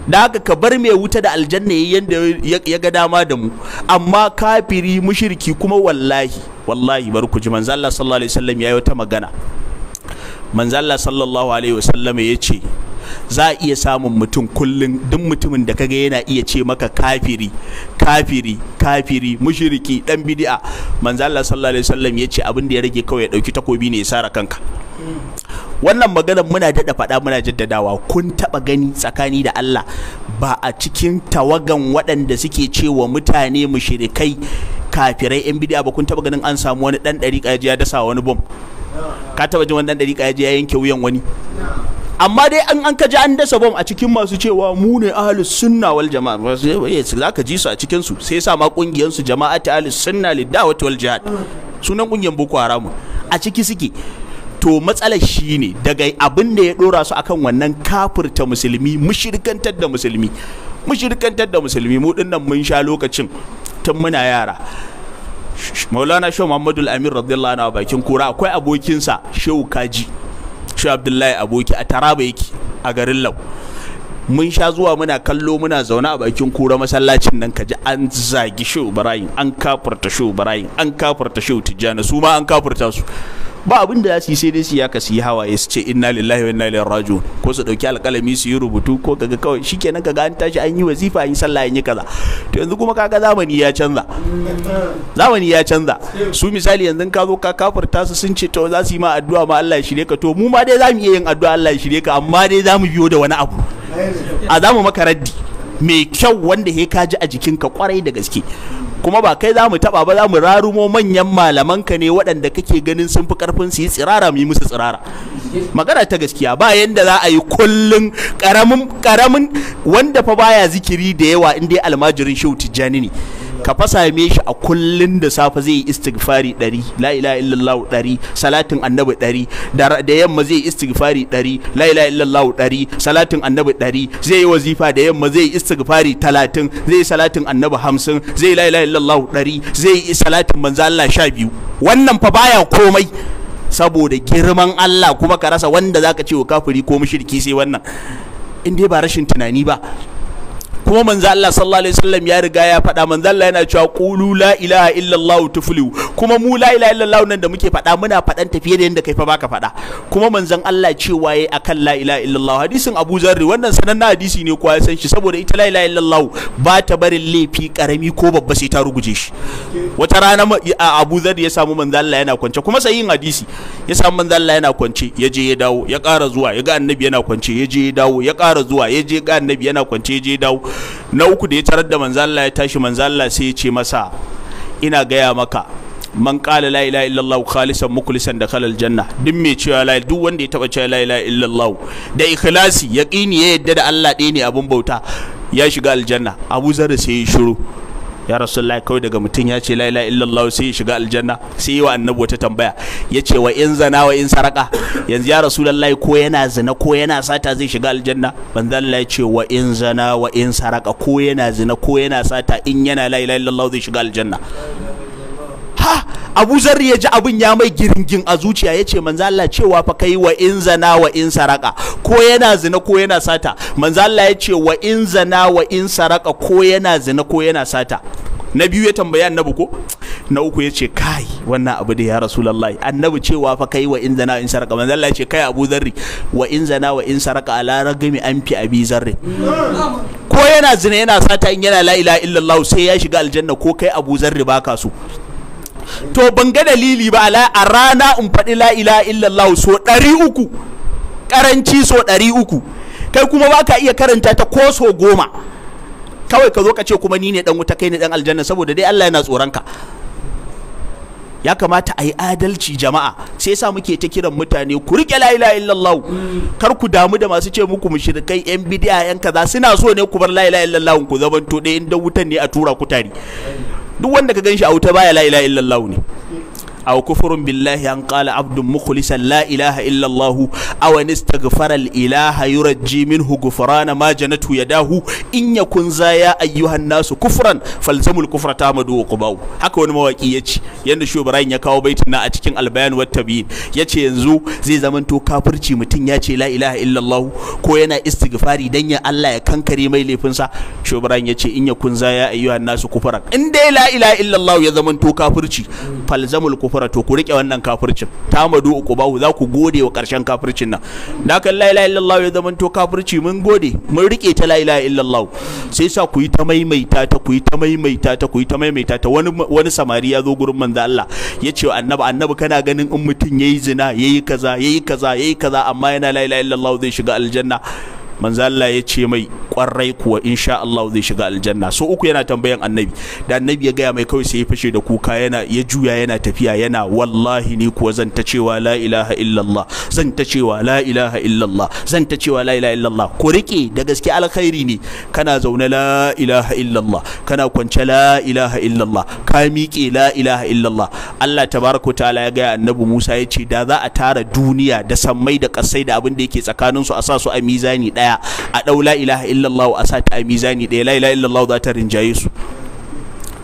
da haka ka bar mai wuta da aljanna yayi yanda ya ga dama da mu amma kafiri mushriki kuma wallahi wallahi bar ku ji manzo Allah sallallahu alaihi wasallam yayi wata magana manzo Allah sallallahu alaihi wasallam yace za a iya samun mutum kullum duk mutumin da kaga yana iya ce maka kafiri kafiri kafiri mushiriki dan bidi'a. manzo Allah sallallahu alaihi wasallam yace abin da ya rage kawai ya dauki takobi ne ya sara kanka wannan maganar muna dada faɗa muna jaddadawa kun taɓa gani tsakani da Allah ba a cikin tawagan waɗanda suke cewa mutane mushrikai kafirai yan bidi'a ba kun taɓa ganin an samu wani dan ɗari ya dasa wani bom ka taɓa jin wani ɗan ɗari ya yanke wuyan wani amma dai an an kaji an dasa bom a cikin masu cewa mu ne ahlus sunna wal jama'a eh, za ka ji su a cikin su sai sa ma kungiyar su ta ahlus sunna lidawati wal jihad sunan kungiyar boko haram a ciki suke to matsalar shi ne daga abin da ya dora su akan wannan kafirta musulmi mushirkantar da musulmi mushirkantar da musulmi mu dinnan mun sha lokacin tun muna yara maulana shehu muhammadu al-amin radiyallahu anhu bakin kura akwai abokinsa shehu kaji shi abdullahi aboki a taraba yake a garin lau mun sha zuwa muna kallo muna zaune a bakin kura masallacin nan kaji an zagi shehu barayin an kafurta shehu barayin an kafurta shehu tijjani su ma an kafurta su ba abin da za su yi sai dai su yaka su yi hawaye su ce inna lillahi wa inna ilaihi raji'un ko su dauki alƙalami su yi rubutu ko kaga kawai shikenan kaga an tashi an yi wazifa an yi sallah an yi kaza to yanzu kuma kaga zamani ya canza zamani ya canza su misali yanzu ka zo ka kafirta su sun ce to za su yi ma addu'a ma Allah ya shirye ka to mu ma dai zamu mu iya yin addu'a Allah ya shirye ka amma dai za mu biyo da wani abu a zamu maka raddi mai kyau wanda he ka ji a jikinka kwarai da gaske kuma ba kai za mu taɓa ba za mu rarumo manyan malaman ka ne waɗanda kake ganin sun fi ƙarfin su yi tsirara mu yi musu tsirara magana ta gaskiya ba yanda za a yi kullun ƙaramin ƙaramin wanda fa baya zikiri da yawa in dai almajirin shehu tijjani ne ka fa same shi a kullun da safe zai yi istighfari ɗari la ilaha illallah ɗari salatin annabi ɗari da yamma zai yi istighfari ɗari la ilaha illallah ɗari salatin annabi ɗari zai yi wazifa da yamma zai yi istighfari talatin zai yi salatin annabi hamsin zai yi la ilaha illallah ɗari zai yi salatin manzo Allah sha biyu wannan fa baya komai saboda girman Allah kuma ka rasa wanda zaka ce wa kafiri ko mushriki sai wannan in dai ba rashin tunani ba kuma manzo Allah sallallahu alaihi wasallam ya riga ya faɗa manzo Allah yana cewa qulu la ilaha illallah tuflihu kuma mu la ilaha illallah nan da muke faɗa muna faɗan tafiye da yanda kai fa baka faɗa kuma manzon Allah cewa yayi akan la ilaha illallah hadisin Abu Zarri wannan sanannen hadisi ne kuwa ya san shi saboda ita la ilaha illallah ba ta barin laifi karami ko babba sai ta ruguje shi wata rana Abu Zarri ya samu manzon Allah yana kwance kuma sai yin hadisi ya samu manzon Allah yana kwance ya je ya dawo ya ƙara zuwa ya ga annabi yana kwance ya je ya dawo ya ƙara zuwa ya je ga annabi yana kwance ya je ya dawo na uku da ya tarar da manzon Allah ya tashi manzon Allah sai ya ce masa ina gaya maka man qala la ilaha illallah khalisan mukhlisan da aljanna janna duk mai cewa la duk wanda ya taba cewa la ilaha illallah da ikhlasi yaqini ya yadda da Allah ɗaya ne abun bauta ya shiga aljanna Abu Zarra sai ya shiru ya rasulullahi kawai daga mutum ya ce la ilaha illallah sai ya shiga aljanna sai yi wa annabi wata tambaya ya ce wa in zana wa in saraka yanzu ya rasulullahi ko yana zina ko yana sata zai shiga aljanna manzo Allah ya ce wa in zana wa in saraka ko yana zina ko yana sata in yana la ilaha illallah zai shiga aljanna ha abu zarri ya ji abin ya mai giringin a zuciya ya ce manzo Allah cewa fa kai wa in zana wa in saraka ko yana zina ko yana sata manzo Allah ya ce wa in zana wa in saraka ko yana zina ko yana sata na biyu ya tambaya annabi ko na uku ya ce kai wannan abu da ya rasulullahi annabi cewa fa kai wa in zana in saraka manzo Allah ya ce kai Abu Zarri wa in zana wa in saraka ala ragami an fi abi zarri ko yana zina yana sata in yana la ilaha illallah sai ya shiga aljanna ko kai Abu Zarri baka so to ban ga dalili ba a rana in faɗi la ila illallah so ɗari uku ƙaranci so ɗari uku kai kuma ba ka iya karanta ta ko so goma kawai ka zo ka ce kuma ni ne dan wuta kai ne dan aljanna saboda dai Allah yana tsoron ka ya kamata a yi adalci jama'a sai sa muke ta kiran mutane ku rike la ilaha illallah kar ku damu da masu ce muku mushrikai yan bid'a yan kaza suna so ne ku bar la ilaha illallah ku zamanto dai in wutan ne a tura ku tari. duk wanda ka gan shi a wuta baya la ilaha illallah ne aw kufrun billahi an qala abdun mukhlisan la ilaha illa allah aw an istaghfara al ilaha yurji minhu ghufrana ma janatu yadahu in yakun za ya ayyuhan nasu kufran falzamul kufra tamadu wa qubau haka wani mawaki yace yanda shi ibrahim ya kawo baitin na a cikin albayan wat ya ce yanzu zai zamanto kafirci mutum yace ce la ilaha illa ko yana istighfari dan ya Allah ya kankare mai laifinsa shi ibrahim yace in yakun za ya ayyuhan nasu kufran in dai la ilaha illa ya zamanto kafirci falzamul kufra kufura to ku rike wannan kafircin ta uku uqubahu za ku gode wa karshen kafircin nan da kan la ilaha illallah ya zaman to kafirci mun gode mun rike ta la ilaha illallah sai sa ku yi ta maimaita ta ku yi ta maimaita ta ku yi ta maimaita ta wani wani samari ya zo gurin manzo Allah ya ce annabi annabi kana ganin in mutum yayi zina yayi kaza yayi kaza yayi kaza amma yana la ilaha illallah zai shiga aljanna manzo Allah ya ce mai kwarai kuwa insha Allah zai shiga aljanna so uku yana tambayan annabi da annabi ya gaya mai kawai sai ya fashe da kuka yana ya juya yana tafiya yana wallahi ni kuwa zan ta cewa la ilaha illallah zan ta cewa la ilaha illallah zan ta cewa la ilaha illallah ku rike da gaske alkhairi ne kana zaune la ilaha illallah kana kwance la ilaha illallah ka miƙe la ilaha illallah Allah tabaraka ta'ala ya gaya annabi Musa ya ce da za a tara duniya da sammai da kasai da abin da yake su a sa su a mizani daya a ɗau la ilaha illallah a sa ta a mizani ɗaya la ilaha illallah za ta rinjaye su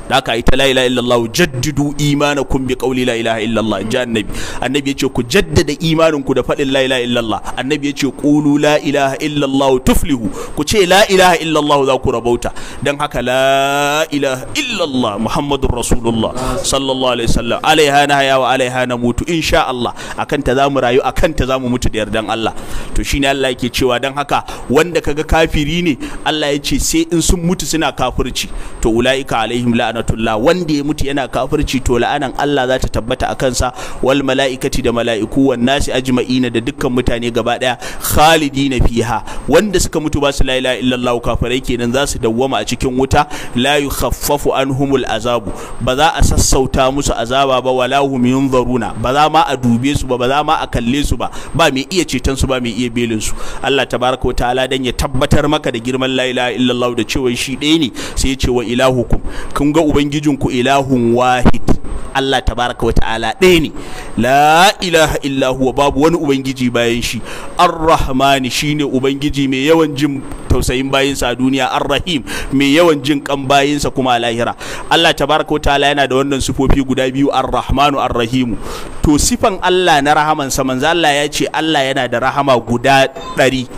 da aka ita la ilaha illallah jaddidu imanakum bi qawli la ilaha illallah ja annabi annabi yace ku jaddada imaninku da fadin la ilaha illallah annabi yace qulu la ilaha illallah tuflihu ku ce la ilaha illallah za ku rabauta dan haka la ilaha illallah muhammadur rasulullah sallallahu alaihi wasallam alaiha na haya wa alaiha na mutu insha Allah akan ta zamu rayu akan ta zamu mutu da yardan Allah to shine Allah yake cewa dan haka wanda kaga kafiri ne Allah yace sai in sun mutu suna kafirci to ulaika alaihim la'an la'anatullah wanda ya mutu yana kafirci to la'anan Allah za ta tabbata a kansa wal mala'ikati da mala'iku wan nasi ajma'ina da dukkan mutane gaba daya khalidina fiha wanda suka mutu ba su la ilaha illallah kafirai kenan za su dawwama a cikin wuta la yukhaffafu anhumul azabu ba za a sassauta musu azaba ba wala hum yunzaruna ba za ma a dube su ba ba za ma a kalle su ba ba mai iya ceton su ba mai iya belin su Allah tabaraka wa ta'ala dan ya tabbatar maka da girman la ilaha illallah da cewa shi ɗaya ne sai ya ce wa ilahukum kun ga ubangijinku ilahun wahid Allah tabaraka wa ta'ala ɗaya ne la ilaha illa huwa babu wani ubangiji bayan shi ar-rahmani shine ubangiji mai yawan jin tausayin bayinsa a duniya ar-rahim mai yawan jin kan bayinsa kuma a lahira Allah tabaraka wa ta'ala yana da wannan sifofi guda biyu ar-rahmanu ar-rahimu to sifan Allah na rahamansa manzo Allah ya ce Allah yana da rahama guda ɗari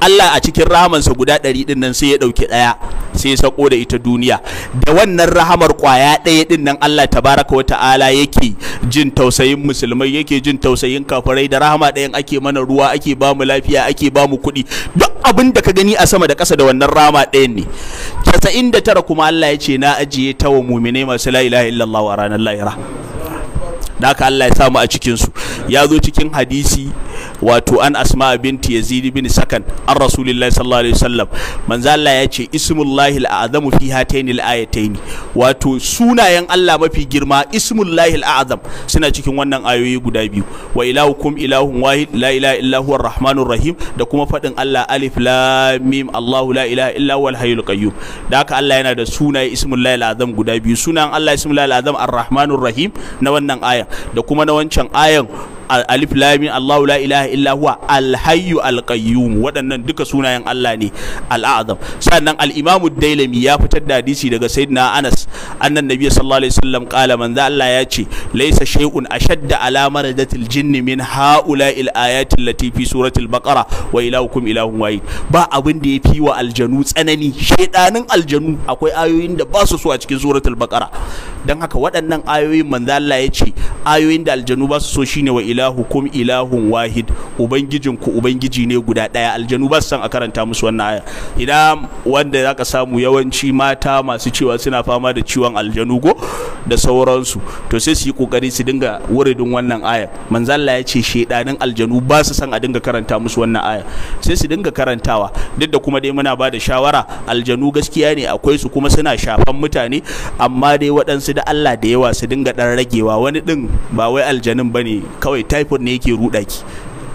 Allah a cikin rahamansa guda ɗari ɗin nan sai ya ɗauki ɗaya sai ya sako da ita duniya da wannan rahamar kwaya ɗaya ɗin nan Allah tabaraka wa ta'ala yake jin tausayin musulmai yake jin tausayin kafirai da rahama ɗayan ake mana ruwa ake ba mu lafiya ake ba mu kuɗi duk abin da ka gani a sama da ƙasa da wannan rama ɗayan ne casa'in da tara kuma Allah ya ce na ajiye ta wa muminai masu la ilaha illallah wa ranar lahira da haka Allah ya samu a cikinsu ya zo cikin hadisi wato an asma binti yazid bin sakan an rasulullahi sallallahu alaihi wasallam manzo Allah ya ce ismullahi al'azamu fi hataini al'ayataini wato sunayen Allah mafi girma ismullahi al'azam suna cikin wannan ayoyi guda biyu wa ilahukum ilahun wahid la ilaha illa huwa arrahmanur rahim da kuma fadin Allah alif lam mim Allahu la ilaha illa huwa al-hayyul qayyum da haka Allah yana da sunaye ismullahi al'azam guda biyu sunan Allah ismullahi al'azam arrahmanur rahim na wannan aya. da kuma na wancan ayan alif lam Allahu la ilaha illa huwa al hayyu waɗannan duka sunayen Allah ne al azam sannan al imamu dailami ya fitar da hadisi daga sayyidina Anas annan nabi sallallahu alaihi wasallam qala man za Allah ya ce laysa shay'un ashadda ala maradatil jinni min haula'il ayati allati fi suratil baqara wa ilahukum ilahun wahid ba abin da ya fi wa aljanu tsanani shedanin aljanu akwai ayoyin da ba su so a cikin suratul baqara dan haka waɗannan ayoyin manzo Allah ya ce ayoyin da aljanu ba su so shine wa kum ilahun wahid ubangijinku ubangiji ne guda ɗaya aljanu ba san a karanta musu wannan aya idan wanda zaka samu yawanci mata masu cewa suna fama da ciwon aljanu go da sauransu to sai su yi kokari su dinga wuridin wannan aya manzalla ya ce shedanin aljanu ba su san a dinga karanta musu wannan aya sai su dinga karantawa duk da kuma dai muna ba da shawara aljanu gaskiya ne akwai su kuma suna shafan mutane amma dai waɗansu da Allah da yawa su dinga ɗan ragewa wani ɗin ba wai aljanun bane kawai typhoid ne yake ruda ki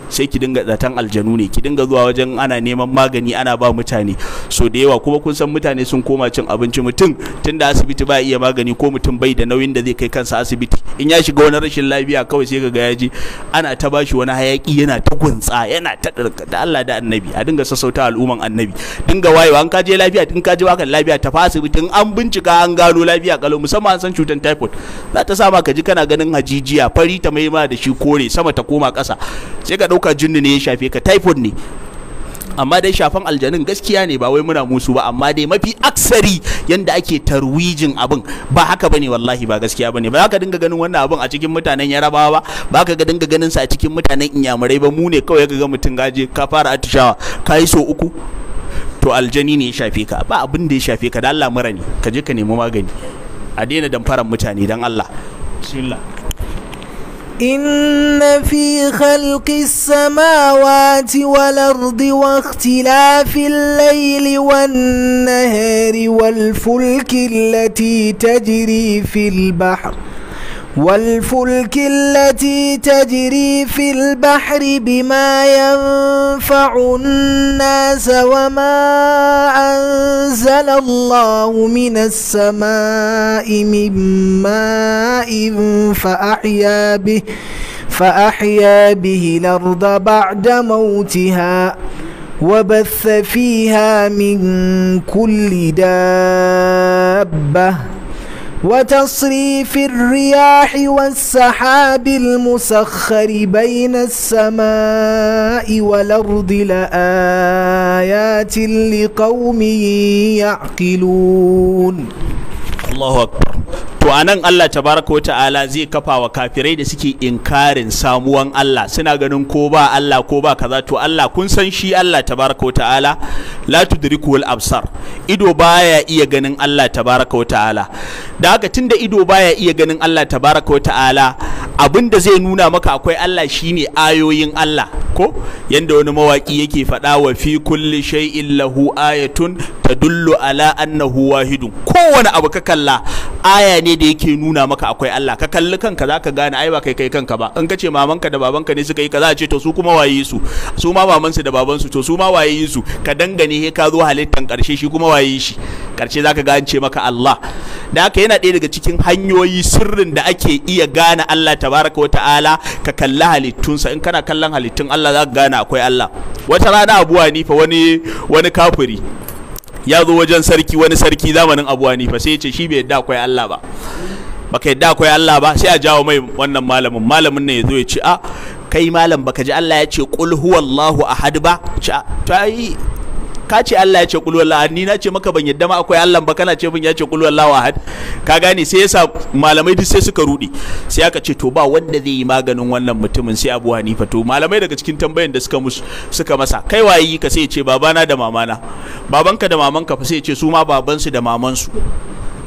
sai ki dinga zaton aljanu ne ki dinga zuwa wajen ana neman magani ana ba mutane so da yawa kuma kun san mutane sun koma cin abinci mutum tunda asibiti ba iya magani ko mutum bai da nauyin da zai kai kansa asibiti in ya shiga wani rashin lafiya kawai sai ga yaji ana ta bashi wani hayaki yana ta gunsa yana ta da Allah da annabi a dinga sassauta al'umman annabi dinga wayewa an kaje lafiya din kaje wakan lafiya ta asibiti in an bincika an gano lafiya kalau musamman an san cutar typhoid za ta sa ma ka ji kana ganin hajijiya fari ta ma da shi kore sama ta koma ƙasa sai ka ɗauka jinni ne ya shafe ka typhoid ne amma dai shafan aljanin gaskiya ne ba wai muna musu ba amma dai mafi aksari yanda ake tarwijin abin ba haka bane wallahi ba gaskiya bane ba ka dinga ganin wannan abin a cikin mutanen yarabawa ba ba ka dinga ganin sa a cikin mutanen inyamurai ba mu ne kawai ka ga mutum gaje ka fara atishawa ka yi so uku to aljani ne ya shafe ka ba abin da ya shafe ka da Allah mura ne ka je ka nemi magani a daina damfaran mutane dan Allah bismillah إن في خلق السماوات والأرض واختلاف الليل والنهار والفلك التي تجري في البحر والفلك التي تجري في البحر بما ينفع الناس وما أنزل الله من السماء من ماء فأحيا به فأحيا به الأرض بعد موتها وبث فيها من كل دابة وتصريف الرياح والسحاب المسخر بين السماء والأرض لآيات لقوم يعقلون الله أكبر to a nan Allah tabaraka wa ta'ala zai kafa wa kafirai da suke inkarin samuwan Allah suna ganin ko ba Allah ko ba kaza to Allah kun san shi Allah tabaraka wa ta'ala la al absar ido baya iya ganin Allah tabaraka wa ta'ala da haka tunda ido baya iya ganin Allah tabaraka wa ta'ala abin da zai nuna maka akwai Allah shine ayoyin Allah ko yanda wani mawaki yake faɗa wa fi kulli shay'in lahu ayatun tadullu ala annahu wahidun kowane abu ka kalla aya ne da yake nuna maka akwai Allah ka kalli kanka zaka gane ai ba kai kai kanka ba in ka ce mamanka da babanka ne suka yi kaza ce to su kuma waye su su ma mamansu da babansu to su ma waye su ka dangane he ka zo halittan karshe shi kuma waye shi karshe zaka gane ce maka Allah da haka yana ɗaya daga cikin hanyoyi sirrin da ake iya gane Allah tabaraka wa ta'ala ka kalli halittunsa in kana kallon halittun Allah zaka gane akwai Allah wata rana abuwa ni fa wani wani kafiri ya zo wajen sarki wani sarki zamanin abu hanifa sai ya ce shi bai yadda akwai allah ba baka yadda akwai allah ba sai a jawo mai wannan malamin malamin ne ya zo ya ce a kai malam baka ji allah ya ce qul huwallahu ahad ba ta yi. ka ce Allah ya ce kul wallahu ni na ce maka ban yadda ma akwai Allah ba kana ce bin ya ce kul wallahu ahad ka gane sai yasa malamai duk sai suka rudi sai aka ce to ba wanda zai yi maganin wannan mutumin sai Abu Hanifa to malamai daga cikin tambayan da suka musu suka masa kai waye ka sai ce babana da mamana babanka da mamanka fa sai ce su ma babansu da mamansu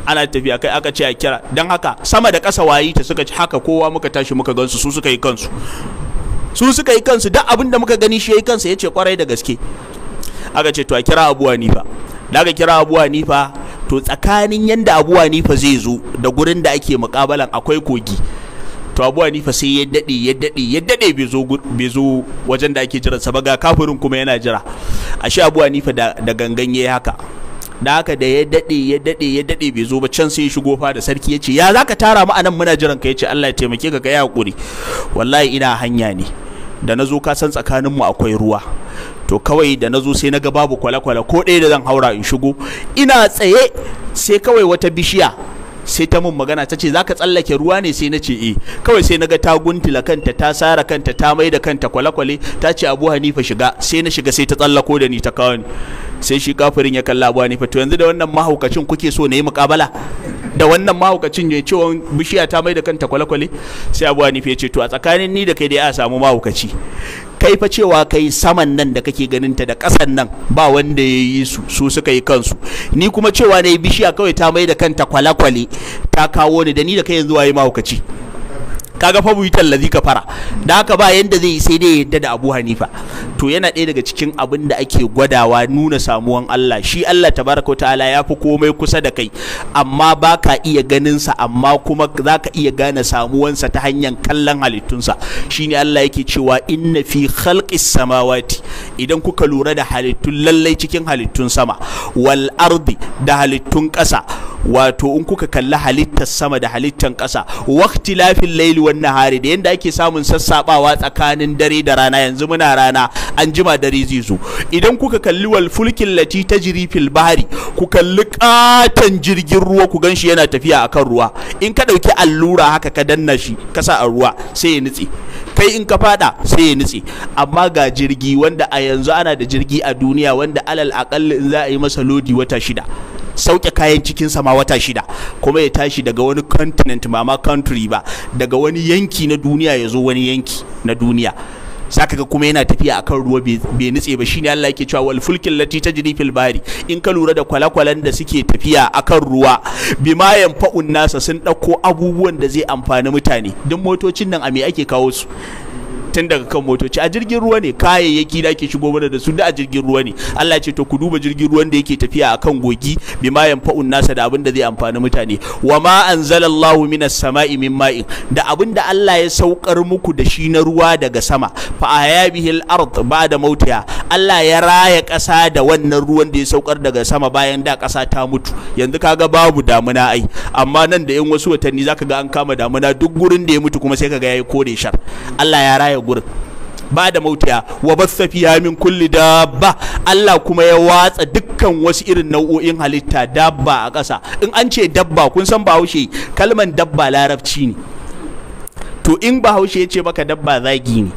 ana tafiya kai aka ce a kira don haka sama da ƙasa wayi ta suka ci haka kowa muka tashi muka gansu su suka yi kansu su suka yi kansu duk abin da muka gani shi yayi kansa yace kwarai da gaske aka ce to a kira abu nifa. da aka kira abu nifa to tsakanin yadda abu nifa zai zo da gurin da ake mukabalan akwai kogi to abu nifa sai ya dade ya dade ya dade bai zo wajen da ake jiransa ba ga kafirin kuma yana jira ashe abu hanifa da, da gangan ya haka da haka da ya dade ya dade ya dade bai zo ba can sai ya shigo fa da sarki ce ya zaka tara mu anan muna jiran ka yace Allah ya taimake ka ga ya hakuri wallahi ina hanya ne da nazo ka san tsakanin mu akwai ruwa to kawai da na zo sai na ga babu kwale-kwale ko ɗaya da zan haura in shigo ina tsaye sai kawai wata bishiya sai ta mun magana ta ce zaka tsallake ruwa ne sai na ce eh kawai sai naga ta guntula kanta ta sara kanta ta mai da kanta kwale-kwale ta ce Abu Hanifa shiga sai na shiga sai ta tsallako da ni ta kawo ni sai shi kafirin ya kalla abu hanifa to yanzu da wannan mahaukacin kuke so na yi mukabala da wannan mahaukacin ya ce bishiya ta mai da kanta kwale-kwale sai abu nifa ya ce to a tsakanin ni da kai dai a samu mahaukaci kai fa cewa kai saman nan da kake ganin ta da kasan nan ba wanda ya yi su su suka yi kansu ni kuma cewa na yi bishiya kawai ta mai da kanta kwale-kwale ta kawo ni da ni da kai yanzu waye mahaukaci kaga fa buyi tallazi ka fara da haka ba yanda zai yi sai dai yadda da abu hanifa to yana ɗaya daga cikin abin da ake gwadawa nuna samuwan Allah shi Allah tabaraka ta'ala ya fi komai kusa da kai amma ba ka iya ganinsa amma kuma za ka iya gane samuwansa ta hanyar kallon halittunsa shi ne Allah yake cewa inna fi khalqis samawati idan kuka lura da halittun lallai cikin halittun sama wal ardi da halittun ƙasa wato in kuka kalli halittar sama da halittar ƙasa wakti lafin laili wannan hari da yadda ake samun sassaɓawa tsakanin dare da rana yanzu muna rana an jima dare zai zo idan kuka kalli wal fulkin lati tajri fil bahri ku kalli katan jirgin ruwa ku ganshi yana tafiya akan ruwa in ka dauki allura haka ka danna shi ka sa a ruwa sai ya nutse kai in ka fada sai ya nutse amma ga jirgi wanda a yanzu ana da jirgi a duniya wanda alal akalli in za a yi masa lodi wata shida sauke kayan cikin sama wata shida kuma ya tashi daga wani continent ba ma country ba daga wani yanki na duniya ya zo wani yanki na duniya zaka ga kuma yana tafiya akan ruwa bai nutse ba shine Allah yake cewa wal fulkin lati tajri fil bari in ka lura da kwalakwalan da suke tafiya akan ruwa bima yanfa'un nasa sun dauko abubuwan da zai amfani mutane duk motocin nan a me ake kawo su tun daga kan motoci a jirgin ruwa ne kayayyaki da ake shigo mana da su da a jirgin ruwa ne Allah ce to ku duba jirgin ruwan da yake tafiya a akan gogi bi ma yanfa'un nasa da abin da zai amfani mutane wa ma anzalallahu minas sama'i min ma'in da abin da Allah ya saukar muku da shi na ruwa daga sama fa ayabihil ard ba'da mautiha Allah ya raya ƙasa da wannan ruwan da ya saukar daga sama bayan da ƙasa ta mutu yanzu kaga babu damuna ai amma nan da yan wasu watanni zaka ga an kama damuna duk gurin da ya mutu kuma sai kaga yayi kore shar Allah ya raya gurin ba da mautaya. wa bassa fiya min kulli dabba Allah kuma ya watsa dukkan wasu irin nau'o'in halitta dabba a ƙasa in an ce dabba kun san bahaushe kalman dabba larabci ne to in bahaushe ya ce maka dabba zagi ne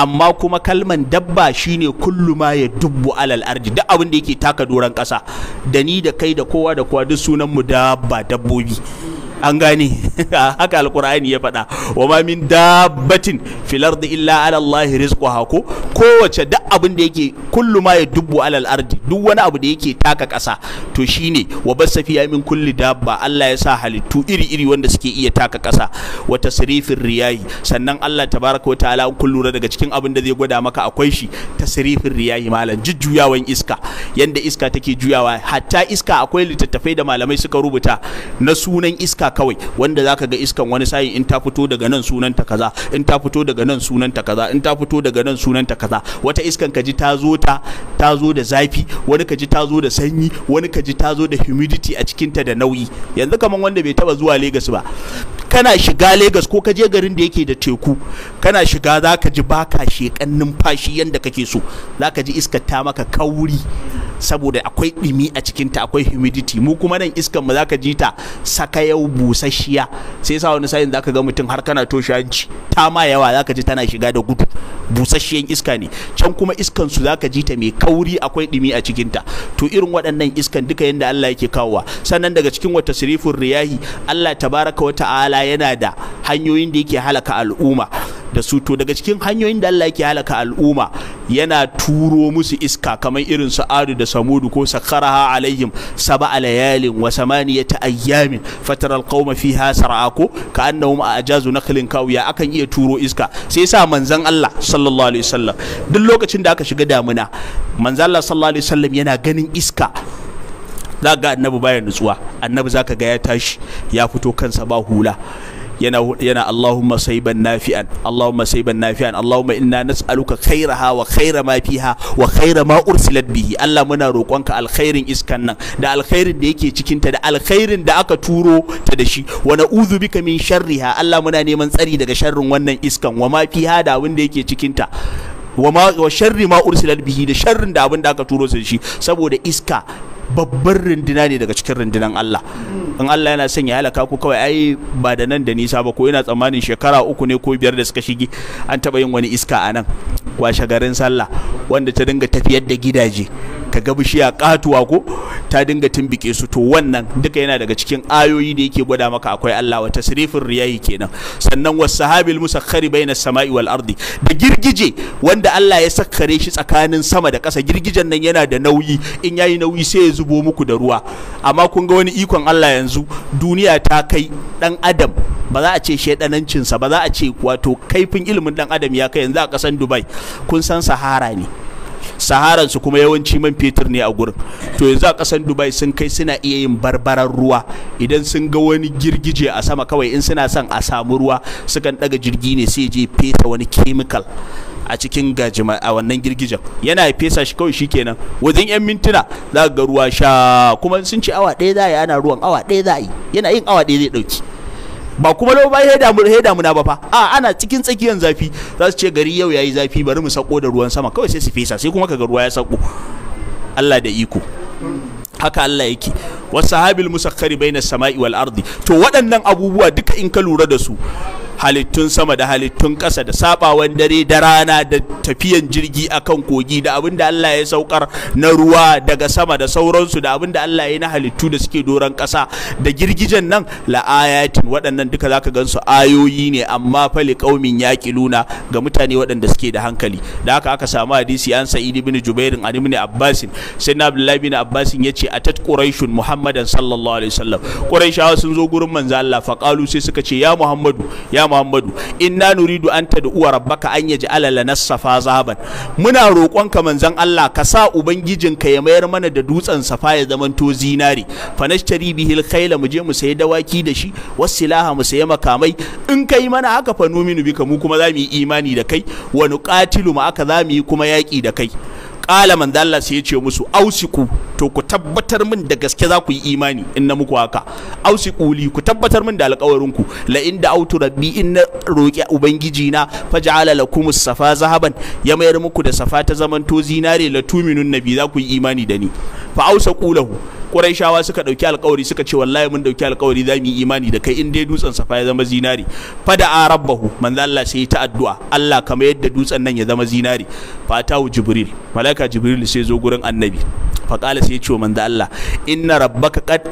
amma kuma kalman dabba shine kullu ma ya dubbu alal arji duk abin da yake taka doron ƙasa da ni da kai da kowa da kowa duk sunan mu dabba dabbobi an gane haka alkur'ani ya faɗa wa ma min dabbatin filar da illa alallahi allahi rizquha ko kowace duk abin da yake kullu ma yadubbu alal ardi duk wani abu da yake taka ƙasa to shine wa bassa fiya min kulli dabba Allah ya sa halittu iri iri wanda suke iya taka ƙasa wa tasrifin riyayi sannan Allah ta wa ta'ala kun lura daga cikin abin da zai gwada maka akwai shi tasrifin riyayi malam jujjuyawan iska yanda iska take juyawa hatta iska akwai littattafai da malamai suka rubuta na sunan iska kawai wanda zaka ga iskan wani sayin in ta fito daga nan sunanta kaza in ta fito daga nan sunanta kaza in ta fito daga nan sunanta kaza wata iskan kaji ta zo ta ta zo da zafi wani kaji ta zo da sanyi wani kaji ta zo da humidity a cikin ta da nauyi yanzu kaman wanda bai taba zuwa legas ba kana shiga legas ko ka je garin da yake da teku kana shiga zaka ji baka shekan numfashi yanda kake so zaka ji iskar ta maka kauri saboda akwai ɗumi a cikinta akwai humidity mu kuma nan iskan mu zaka ji ta sakayau busasshiya sai sa wani sa'in zaka ga mutum har kana toshe hanci ta ma yawa zaka ji tana shiga da gudu busasshiyan iska ne can kuma iskan su zaka ji ta mai kauri akwai ɗumi a cikinta to irin waɗannan iskan duka yanda Allah yake kawowa sannan daga cikin wata sirifin riyahi Allah tabaraka wa ta'ala yana da hanyoyin da yake halaka al'umma da su to daga cikin hanyoyin da Allah yake halaka al'umma yana turo musu iska kamar irin su adu da samudu ko sakharaha alaihim sab'a alayalin wa samaniyata ayyamin fatara alqauma fiha sar'a ko ka annahum ajazu naqlin kawya akan iya turo iska sai sa manzan Allah sallallahu alaihi wasallam duk lokacin da aka shiga damuna manzan Allah sallallahu alaihi wasallam yana ganin iska za ga annabi baya nutsuwa annabi zaka ga ya tashi ya fito kansa ba hula yana yana Allahumma sayban nafi'an Allahumma sayban nafi'an Allahumma inna nas'aluka khairaha wa khaira ma fiha wa khaira ma ursilat bihi Allah muna roƙonka alkhairin iskan nan da alkhairin da yake cikin ta da alkhairin da aka turo ta da shi wa na'udhu bika min sharriha Allah muna neman tsari daga sharrin wannan iskan wa ma fiha da abin da yake cikin ta wa sharri ma ursilat bihi da sharrin da abin da aka turo ta da shi saboda iska babban rindina ne daga cikin rindinan Allah in Allah yana sanya ya halaka ku kawai ai ba da nan da nisa ba ko ina tsammanin shekara uku ne ko biyar da suka shige an taba yin wani iska a nan washe garin sallah wanda ta dinga tafiyar da gidaje ka ga bishiya katuwa ko ta dinga tumbike su to wannan duka yana daga cikin ayoyi da yake gwada maka akwai Allah wa tasrifin riyayi kenan sannan was sahabil musakhkhari baina samai wal ardi da girgije wanda Allah ya sakkare shi tsakanin sama da ƙasa girgijen nan yana da nauyi in yayi nauyi sai zubo muku da ruwa amma kun ga wani ikon Allah yanzu duniya ta kai dan adam ba za a ce shaidanancinsa ba za a ce wato kaifin ilimin dan adam ya kai yanzu a kasan Dubai kun san sahara ne saharan su kuma yawanci man fetur ne a gurin to yanzu a kasan dubai sun kai suna iya yin barbaran ruwa idan sun ga wani girgije a sama kawai in suna son a samu ruwa sukan daga jirgi ne sai je fesa wani chemical a cikin gajima a wannan girgijen yana fesa shi kawai shikenan wajen yan mintuna za ga ruwa sha kuma sun ce awa ɗaya za a yi ana ruwan awa ɗaya za a yi yana yin awa ɗaya zai ɗauki ba kuma lau ba ya damu ya na ba fa a ana cikin tsakiyar zafi za su ce gari yau ya yi zafi bari mu sako da ruwan sama kawai sai su fesa sai kuma ga ruwa ya sako Allah da iko haka Allah yake wasahabil musakkari bainas sama'i wal ardi to waɗannan abubuwa duka in ka lura da su halittun sama da halittun ƙasa da sabawan dare da rana da tafiyan jirgi a kan kogi da abin da Allah ya saukar na ruwa daga sama da sauransu da abin da Allah ya na halittu da suke doron ƙasa da girgijen nan la'ayatin waɗannan duka zaka gansu ayoyi ne amma fali qaumin luna ga mutane waɗanda suke da hankali da haka aka samu hadisi an sa'id ibn jubairin an ibn sai na abdullahi ibn ya yace atat quraishun muhammadan sallallahu alaihi wasallam quraishawa sun zo gurin manzo Allah faqalu sai suka ce ya muhammadu ya muhammadu inna nuridu an uwa rabbaka an yaji lana safa zahaban muna roƙonka manzon Allah ka sa ka ya mayar mana da dutsen safa ya zamanto zinari fanashtari bihil khayla mu je mu sayi dawaki da shi wasilaha mu sayi makamai in kai mana haka fa numinu bika mu kuma za mu yi imani da kai wa nuqatilu ma aka za mu yi kuma yaƙi da kai kala man Allah sai ya ce musu ausiku to ku tabbatar min da gaske za ku yi imani in na muku haka ausiku li ku tabbatar min da alƙawarin ku la in da autu rabbi in na roƙi ubangiji na faj'ala lakum safa zahaban ya mayar muku da safa ta zamanto zinare la tuminun nabi za ku yi imani da ni fa ausa qulahu Quraishawa suka ɗauki alƙawari suka ce wallahi mun dauki alƙawari za mu yi imani da kai in dai dutsen safa ya zama zinari fada a rabbahu manzo Allah sai ta addu'a Allah kamar yadda dutsen nan ya zama zinari fatahu jibril malaka malaka jibril sai zo gurin annabi faƙala sai ce manzo Allah inna rabbaka qad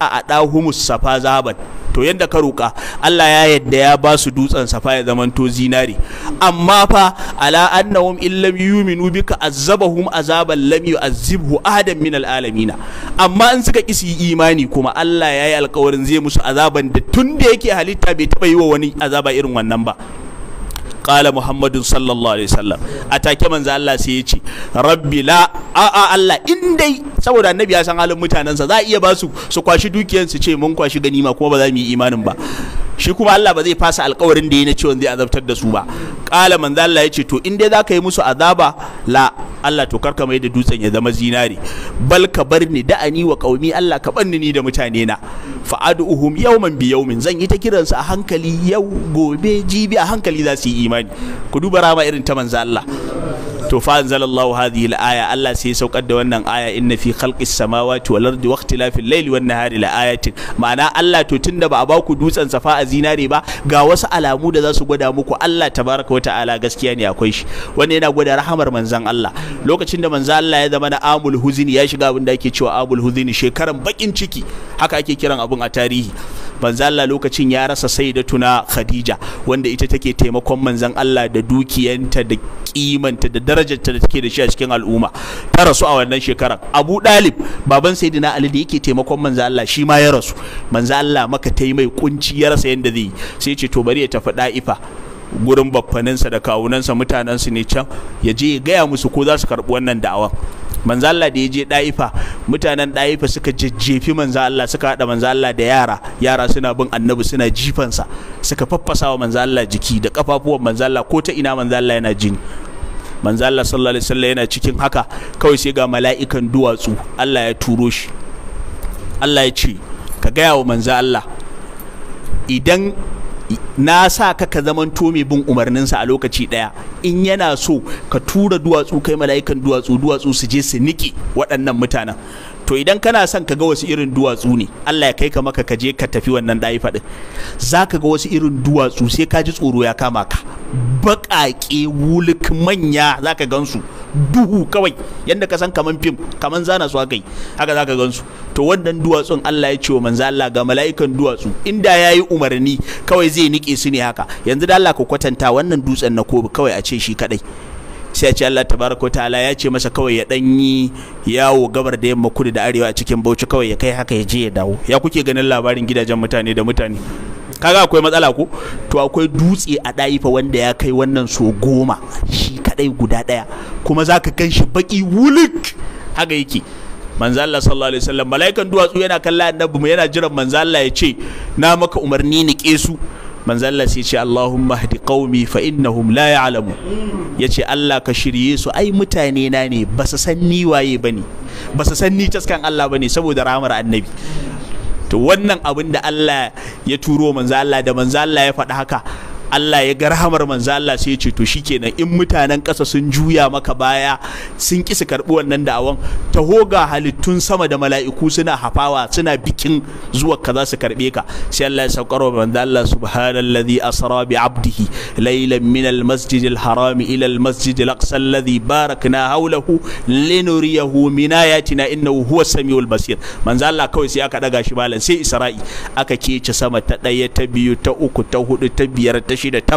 humus safa zahaban to yadda ka roƙa Allah ya yadda ya ba su dutsen safa ya zamanto zinari amma fa ala annahum in yu'minu bika azabahum azaban lam yu'azibhu ahadan min alalamin amma in suka kisi imani kuma Allah ya yi alƙawarin zai musu azaban da tun da yake halitta bai taɓa yi wa wani azaba irin wannan ba qala muhammadun sallallahu alaihi wasallam a take manzo Allah sai ya ce rabbi la a a Allah in dai saboda annabi ya san halin sa za a iya ba su su kwashi dukiyansu ce mun kwashi ganima kuma ba za mu yi imanin ba shi kuma Allah ba zai fasa alkawarin da yi na cewa zai azabtar da su ba kala manzo Allah ya ce to in dai zaka yi musu azaba la Allah to kar karka mai da dutsen ya zama zinari bal ka bar ni ani wa qaumi Allah ka banni ni da mutane na fa ad'uhum yawman bi yawmin zan yi ta kiran su a hankali yau gobe jibi a hankali za su yi imani ku duba rama irin ta manzo Allah to fa anzalallahu hadhihi al Allah sai saukar da wannan aya inna fi khalqis samawati wal ardi waqtilafil layli wan nahari la ayatin ma'ana Allah to tunda ba a baku dutsen safa a zinare ba ga wasu alamu da za su gwada muku Allah tabaraka wa ta'ala gaskiya ne akwai shi wanda yana gwada rahamar manzan Allah lokacin da manzon Allah ya zama na amul huzni ya shiga abin da ake cewa amul huzini shekaran bakin ciki haka ake kiran abun a tarihi manzon Allah lokacin ya rasa sayyidatuna Khadija wanda ita take taimakon manzan Allah da dukiyanta da kimanta da darajar ta da take da shi a cikin al'umma ta rasu a wannan shekarar Abu Dalib baban Sayyidina Ali da yake taimakon manzo Allah shi ma ya rasu manzo Allah maka ta mai kunci ya rasa yanda zai yi sai ce to bari ya tafi da'ifa gurin baffaninsa da kawunansa mutanensu ne can ya je ya gaya musu ko za su karɓi wannan da'awan manzo Allah da ya je da'ifa mutanen da'ifa suka jejjefi manzo Allah suka hada manzo Allah da yara yara suna bin annabi suna jifansa suka faffasa wa manzo Allah jiki da kafafuwan manzo Allah ko ta ina manzo Allah yana jini manzo Allah sallallahu alaihi wasallam yana cikin haka kawai sai ga mala'ikan duwatsu Allah ya turo shi Allah ya ce ka gaya wa manzo Allah idan na sa ka ka zaman to mai bin umarninsa a lokaci daya in yana so ka tura duwatsu kai mala'ikan duwatsu duwatsu su je su niƙe waɗannan mutanen to idan kana son ka ga wasu irin duwatsu ne Allah ya kai ka maka ka je ka tafi wannan dai faɗin za ka ga wasu irin duwatsu sai ka ji tsoro ya kama ka baƙaƙe wulik manya za ka gansu duhu kawai yadda ka san kaman fim kaman zana su haka haka za ka gansu to wannan duwatsun Allah ya ce wa manzo Allah ga mala'ikan duwatsu inda ya yi umarni kawai zai niƙe su ne haka yanzu da Allah ku kwatanta wannan dutsen na kobi kawai a ce shi kaɗai sai ya ce Allah tabaraka ta'ala ya ce masa kawai ya danyi yawo gabar da yamma kudu da arewa a cikin Bauchi kawai ya kai haka ya je ya dawo ya kuke ganin labarin gidajen mutane da mutane kaga akwai matsala ko to akwai dutse a ɗa'ifa wanda ya kai wannan so goma shi kadai guda ɗaya kuma zaka ka gan shi baki wulik haka yake manzo Allah sallallahu alaihi wasallam malaikan duwatsu yana kalla annabi mu yana jiran manzo Allah ya ce na maka umarni ni kesu su manzalla sai ce Allahumma hdi qaumi fa innahum la ya'lamu yace Allah ka shirye su ai mutane na ne ba su san ni waye bane ba su san ni taskan Allah bane saboda rahmar annabi to wannan abin da Allah ya turo manzo Allah da manzo Allah ya faɗi haka Allah ya ga rahamar manzo Allah sai ya ce to shikenan in mutanen ƙasa sun juya maka baya sun ƙi su karɓi wannan da'awan taho ga halittun sama da mala'iku suna hafawa suna bikin zuwa ka za su karbe ka sai Allah ya saukar wa manzo Allah subhanallazi asra bi abdihi laylan min al harami ila al aqsa alladhi barakna hawlahu linuriyahu min ayatina innahu huwa samiul basir manzo Allah kawai sai aka daga shi malam sai Isra'i aka kece sama ta ɗaya ta biyu ta uku ta hudu ta biyar ta ta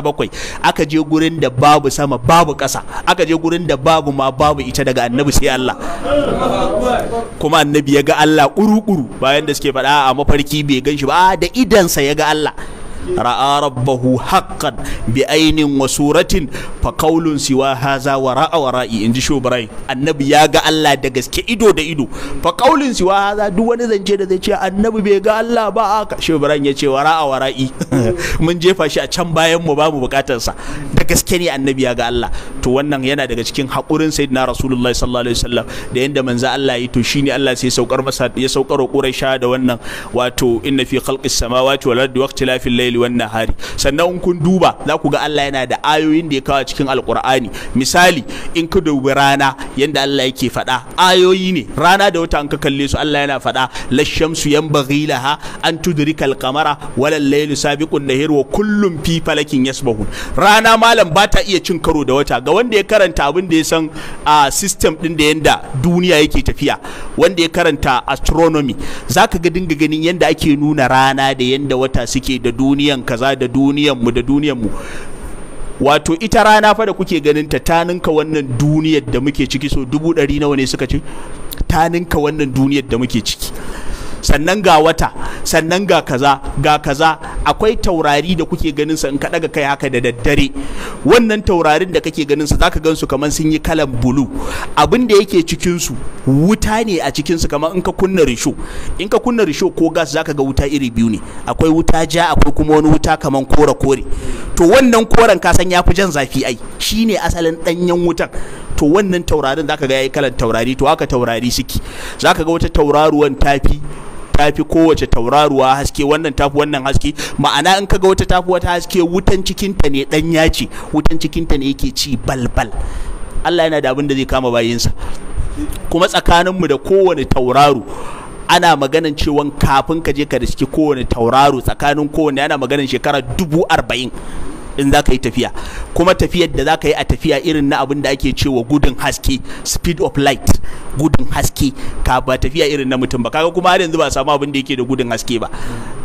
aka je gurin da babu sama babu ƙasa aka je gurin da babu ma babu ita daga annabi sai Allah kuma annabi ya ga Allah kurukuru bayan da suke faɗa a mafarki bai gan shi ba da idansa ya ga Allah ra'a rabbahu haqqan bi ainin wa suratin fa qawlun siwa haza wa ra'a wa ra'i inji shubrai annabi ya ga Allah da gaske ido da ido fa qawlun siwa haza duk wani zance da zai ce annabi bai ga Allah ba aka shubrai ya ce wa ra'a wa ra'i mun jefa shi a can bayan mu ba mu bukatar sa da gaske ne annabi ya ga Allah to wannan yana daga cikin hakurin sayyidina rasulullahi sallallahu alaihi wasallam da yanda manzo Allah ya yi to shine Allah sai saukar masa ya saukar Quraisha da wannan wato inna fi khalqis samawati wal ardi waqtilafil layli wannan hari sannan kun duba za ku ga Allah yana da ayoyin da ya kawo cikin alkur'ani misali in ka dubi rana yadda Allah yake faɗa ayoyi ne rana da wata an ka kalle su Allah yana faɗa lashamsu yanbaghi ha an tudrika alqamara wala al sabiqun nahir wa kullum fi falakin yasbahu rana malam ba ta iya cin karo da wata ga wanda ya karanta abin da ya san a system din da yanda duniya yake tafiya wanda ya karanta astronomy zaka ga dinga ganin yanda ake nuna rana da yanda wata suke da duniya duniyan kaza da duniyanmu da duniyanmu wato ita rana fa da kuke ganin ta ta ninka wannan duniyar da muke ciki so dubu ɗari nawa ne suka ci ta ninka wannan duniyar da muke ciki sannan ga wata sannan ga kaza ga kaza akwai taurari da kuke ganin sa in ka daga kai haka da daddare wannan taurarin da kake ganin sa zaka gansu kamar sun yi kalan bulu abin da yake cikin su wuta ne a cikin su kamar in ka kunna risho in ka kunna risho ko gas zaka ga wuta iri biyu ne akwai wuta ja akwai kuma wani wuta kamar kore kore to wannan koren ka san yafi jan zafi ai shine asalin danyen wutan to wannan taurarin zaka ga yayi kalan taurari to aka taurari suke zaka ga wata tauraruwan tafi tafi kowace tauraruwa haske wannan tafi wannan haske ma'ana in kaga wata tafi wata haske wutan cikinta ne dan yaci wutan cikinta ne yake ci balbal Allah yana da abin da zai kama bayinsa kuma tsakaninmu da kowane tauraro ana maganan cewa kafin ka je ka riski kowane tauraro tsakanin kowane ana maganan shekara dubu arba'in in za ka yi tafiya kuma tafiyar da za ka yi a tafiya irin na abin da ake cewa gudun haske speed of light gudun haske ka ba tafiya irin na mutum ba kaga kuma har yanzu ba samu abin da yake da gudun haske ba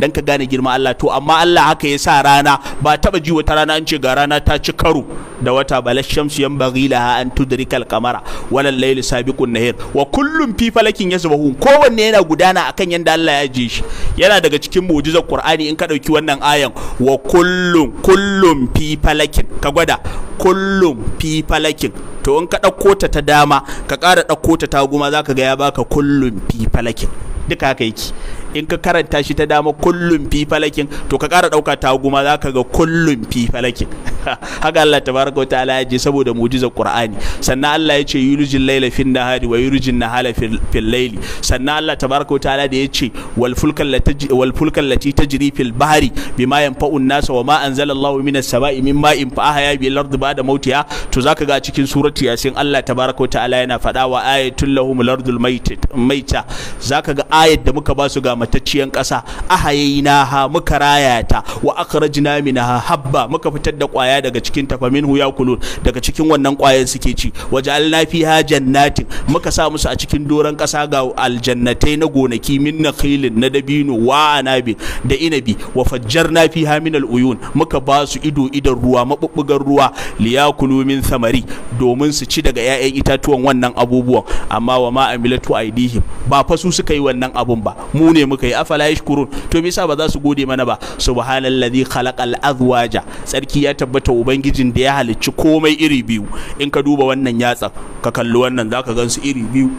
dan ka gane girma Allah to amma Allah haka ya sa rana ba taba ji wata rana an ce ga rana ta ci karo da wata balash shamsu yan baghilaha an tudrikal kamara wala layli sabiqun nahir wa kullum fi falakin yasbahu kowanne yana gudana akan yanda Allah ya ji shi yana daga cikin mu'jizar Qur'ani in ka dauki wannan ayan wa kullun kullun. kullum ka gwada kullum fifalakin to in ka ɗauko ta ta dama ka ƙara ɗauko ta ta guma za ka ga ya baka kullum fifalakin duka haka yake in ka karanta shi ta dama kullum fi falakin to ka ƙara dauka ta guma za ka ga kullum fi falakin haka Allah baraka wa ta'ala ya je saboda mu'jizar Qur'ani sannan Allah ya ce rujin laila fin nahari wa na nahala fil laili sannan Allah baraka wa ta'ala da ya ce wal fulkan lati ta fulkan lati tajri fil bahri bima yanfa'u nasa wa ma anzalallahu minas sama'i min ma'in fa ahya bil ba ba'da mautiha to zaka ga cikin surati yasin Allah baraka wa ta'ala yana faɗawa wa ayatul lahumul ardul maita zaka ga ayat da muka ba su ga matacciyan ƙasa ahayinaha muka raya ta wa akhrajna minha habba muka fitar da ƙwaya daga cikin ta faminhu yakulun daga cikin wannan ƙwayan suke ci waja'alna fiha jannatin muka sa musu a cikin doron ƙasa ga aljannatai na gonaki min nakhilin na dabino wa anabi da inabi wa fajjarna fiha min aluyun muka ba su ido idan ruwa mabubbugan ruwa liyakulu min samari domin su ci daga 'ya'yan itatuwan wannan abubuwan amma wa ma amilatu aidihim ba fa su suka yi wannan abun ba mu ne muka yi afala shukuru to bisa ba za su gode mana ba subhanallazi khalaqal azwaja tsarki ya tabbata ubangijin da ya halicci komai iri biyu in ka duba wannan yatsa ka kalli wannan zaka gan su iri biyu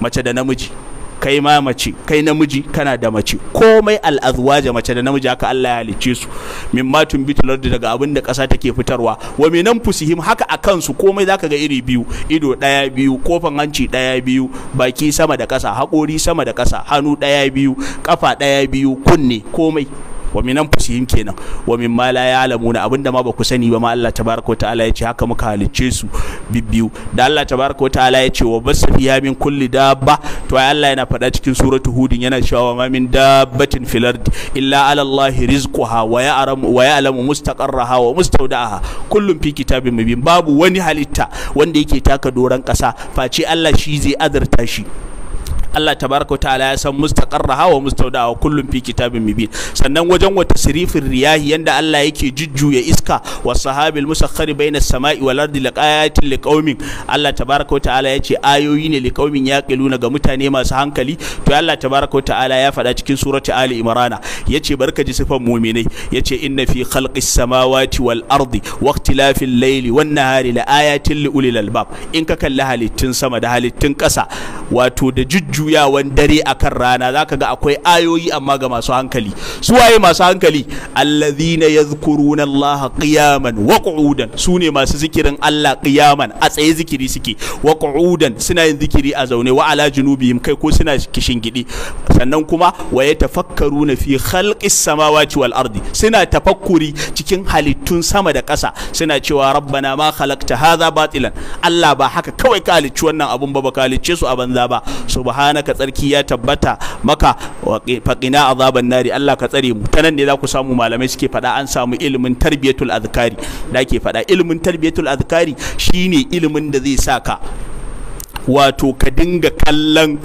mace da namiji kai ma mace kai namiji kana da mace komai al'azwaja mace da namiji haka Allah ya halicce su min matun bitular daga abin da ƙasa take fitarwa wa minan fusihim haka a kansu komai zaka ga iri biyu ido ɗaya biyu kofan hanci ɗaya biyu baki sama da ƙasa haƙori sama da ƙasa hannu ɗaya biyu ƙafa ɗaya biyu kunne komai wa min anfusihim kenan wa min ma la ya'lamuna abinda ma ba ku sani ba ma Allah tabaraka ta'ala ya haka muka halicce su bibbiyu da Allah tabaraka ta'ala ya ce wa bas ya min kulli dabba to ai Allah yana faɗa cikin suratu hudin yana cewa ma min dabbatin fil ard illa ala Allah rizquha wa ya'lamu wa ya'lamu mustaqarraha wa mustawda'aha kullum fi kitabin mubin babu wani halitta wanda yake taka doran ƙasa face Allah shi zai azurta shi Allah tabaraka ta'ala ya san mustaqarraha wa mustawdaha kullum fi kitabin mubin sannan wajen wata sirifin riyahi yanda Allah yake jujjuya iska wa sahabil musakhkhari bainas sama'i wal ardi liqayatin liqaumin Allah tabaraka ta'ala yace ayoyi ne liqaumin yaqiluna ga mutane masu hankali to Allah tabaraka ta'ala ya faɗa cikin surati ali imrana yace barka ji sifan mu'minai yace inna fi khalqis samawati wal ardi wa ikhtilafil layli wan nahari la ayatin li ulil albab in ka kalli halittun sama da halittun ƙasa wato da jujju juyawan dare akan rana zaka ga akwai ayoyi amma ga masu hankali su waye masu hankali alladhina yadhkuruna allaha qiyaman wa qu'udan su ne masu zikirin Allah qiyaman a tsaye zikiri suke wa qu'udan suna yin zikiri a zaune wa ala junubihim kai ko suna kishin gidi sannan kuma wa yatafakkaruna fi khalqis samawati wal ardi suna tafakkuri cikin halittun sama da ƙasa suna cewa rabbana ma khalaqta hadha batilan Allah ba haka kawai ka halicci wannan abun ba ba ka halicce su a banza ba subhana subhanaka tsarki ya tabbata maka faqina azaban nari Allah ka tsare mu ta nan ne za ku samu malamai suke faɗa an samu ilimin tarbiyatul azkari da ke faɗa ilimin tarbiyatul azkari shine ilimin da zai saka wato ka dinga kallon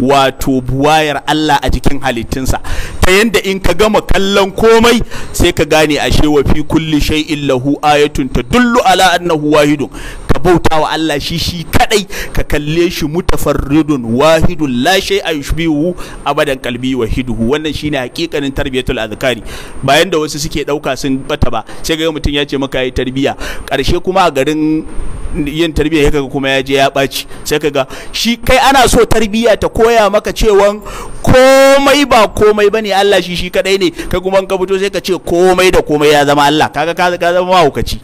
wato buwayar Allah a jikin halittinsa ta yadda in ka gama kallon komai sai ka gane ashe shewa fi kulli shay'in illahu ayatun dullu ala annahu wahidun ka bauta wa Allah shi shi kadai ka kalle shi mutafarridun wahidun la a yushbihu abadan wa wahiduhu wannan shine hakikanin tarbiyatul azkari bayan da wasu suke dauka sun bata ba sai ga mutum ya ce maka yi tarbiya karshe kuma a garin yin tarbiyya ya kaga kuma ya je ya ɓaci sai kaga shi kai ana so tarbiyya ta koya maka cewa komai ba komai bane Allah shi shi kadai ne kai kuma ka fito sai ka ce komai da komai ya zama Allah kaga ka zama mahaukaci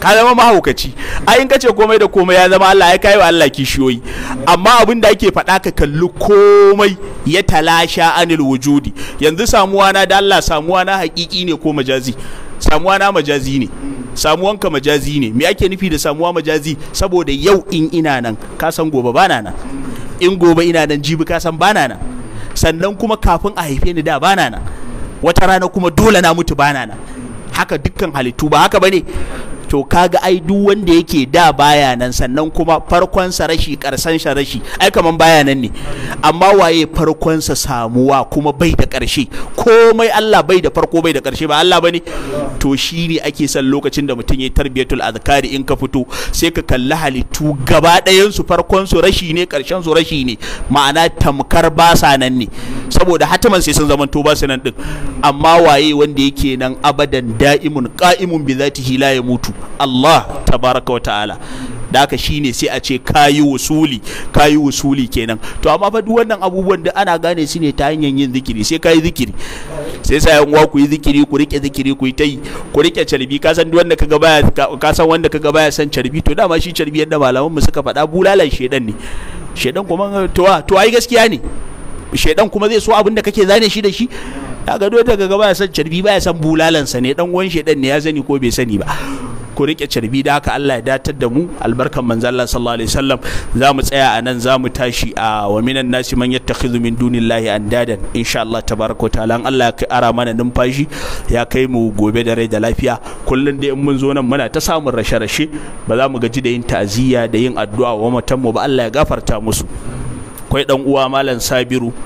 ka zama mahaukaci ai in ka ce komai da komai ya zama Allah ai kai wa Allah kishiyoyi amma abin da ake faɗa ka kalli komai ya talasha anil wujudi yanzu samuwa na da Allah samuwa na hakiki ne ko majazi samuwa na majazi ne samuwanka majazi ne me ake nufi da samuwa majazi saboda yau in ina nan ka san gobe bana nan in gobe ina nan jibi ka san bana nan sannan kuma kafin a haife ni da bana nan wata rana kuma dole na mutu bana nan haka dukkan halittu ba haka bane to kaga ai duk wanda yake da baya nan sannan kuma farkon sa rashi karsan sa rashi ai kaman baya nan ne amma waye farkon sa samuwa kuma bai da karshe komai Allah bai da farko bai da karshe ba Allah bane to shine ake son lokacin da mutum ya tarbiyatul azkari in ka fito sai ka kalli halittu gaba ɗayan su farkon su rashi ne karshen su rashi ne ma'ana tamkar ba sa nan ne saboda hatiman sai sun to ba su nan din amma waye wanda yake nan abadan da'imun qa'imun bi zatihi la mutu. Allah tabaraka wa ta'ala da haka shine sai a ce kayi wusuli kayi wusuli kenan to amma fa duk wannan abubuwan da ana gane su ne ta hanyar yin zikiri sai kayi zikiri sai sa yan uwa ku yi zikiri ku rike zikiri ku yi ta yi ku rike carbi ka san wanda kaga baya ka san wanda kaga baya san carbi to dama shi carbi yadda malaman mu suka faɗa bulalan shedan ne shedan kuma to to ai gaskiya ne shedan kuma zai so abin da kake zane shi da shi kaga dole daga baya san carbi baya san bulalansa ne dan uwan shedan ne ya sani ko bai sani ba ko rike carbi da haka Allah ya datar da mu albarkan manzo Allah sallallahu alaihi wasallam za mu tsaya a nan za mu tashi a wa minan nasi man yattakhidhu min dunillahi andadan insha Allah tabaraka ta'ala Allah ya kara mana numfashi ya kai mu gobe da rai da lafiya kullun da in mun zo nan muna ta samun rashe-rashe ba za mu gaji da yin ta'aziyya da yin addu'a wa matan mu ba Allah ya gafarta musu kai dan uwa malam Sabiru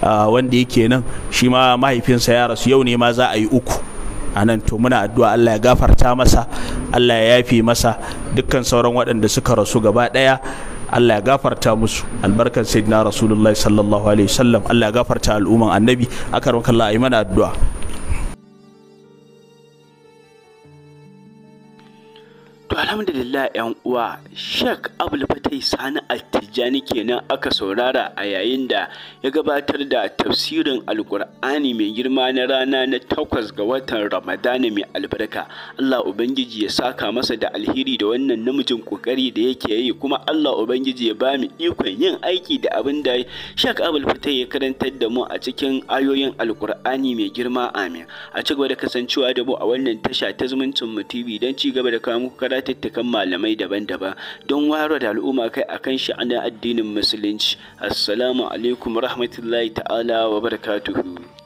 wanda yake nan shi ma mahaifinsa ya rasu yau ne ma za a yi uku anan to muna addu'a Allah ya gafarta masa Allah ya yafi masa dukkan sauran waɗanda suka rasu gaba ɗaya Allah ya gafarta musu albarkar sayyidina rasulullahi sallallahu alaihi wasallam Allah ya gafarta al'umman annabi akarin a yi mana addu'a To alhamdulillah ‘yan uwa, Sheikh Abul Fatai Sani Attijani kenan aka saurara a yayin da ya gabatar da tafsirin Alƙur'ani mai girma na rana na takwas ga watan Ramadana mai albarka. Allah Ubangiji ya saka masa da alheri da wannan namijin ƙoƙari da yake yi kuma Allah Ubangiji ya ba mu ikon yin aiki da abin da Sheikh Abul Fatai ya karantar da mu a cikin ayoyin Alƙur'ani mai girma amin. A cigaba da kasancewa da mu a wannan tasha ta zumuncin mu TV don ci gaba da kawo muku karatuttukan malamai daban-daban don waro da al'umma kai a kan sha'anin addinin musulunci assalamu alaikum rahmatullahi ta'ala wa barakatuhu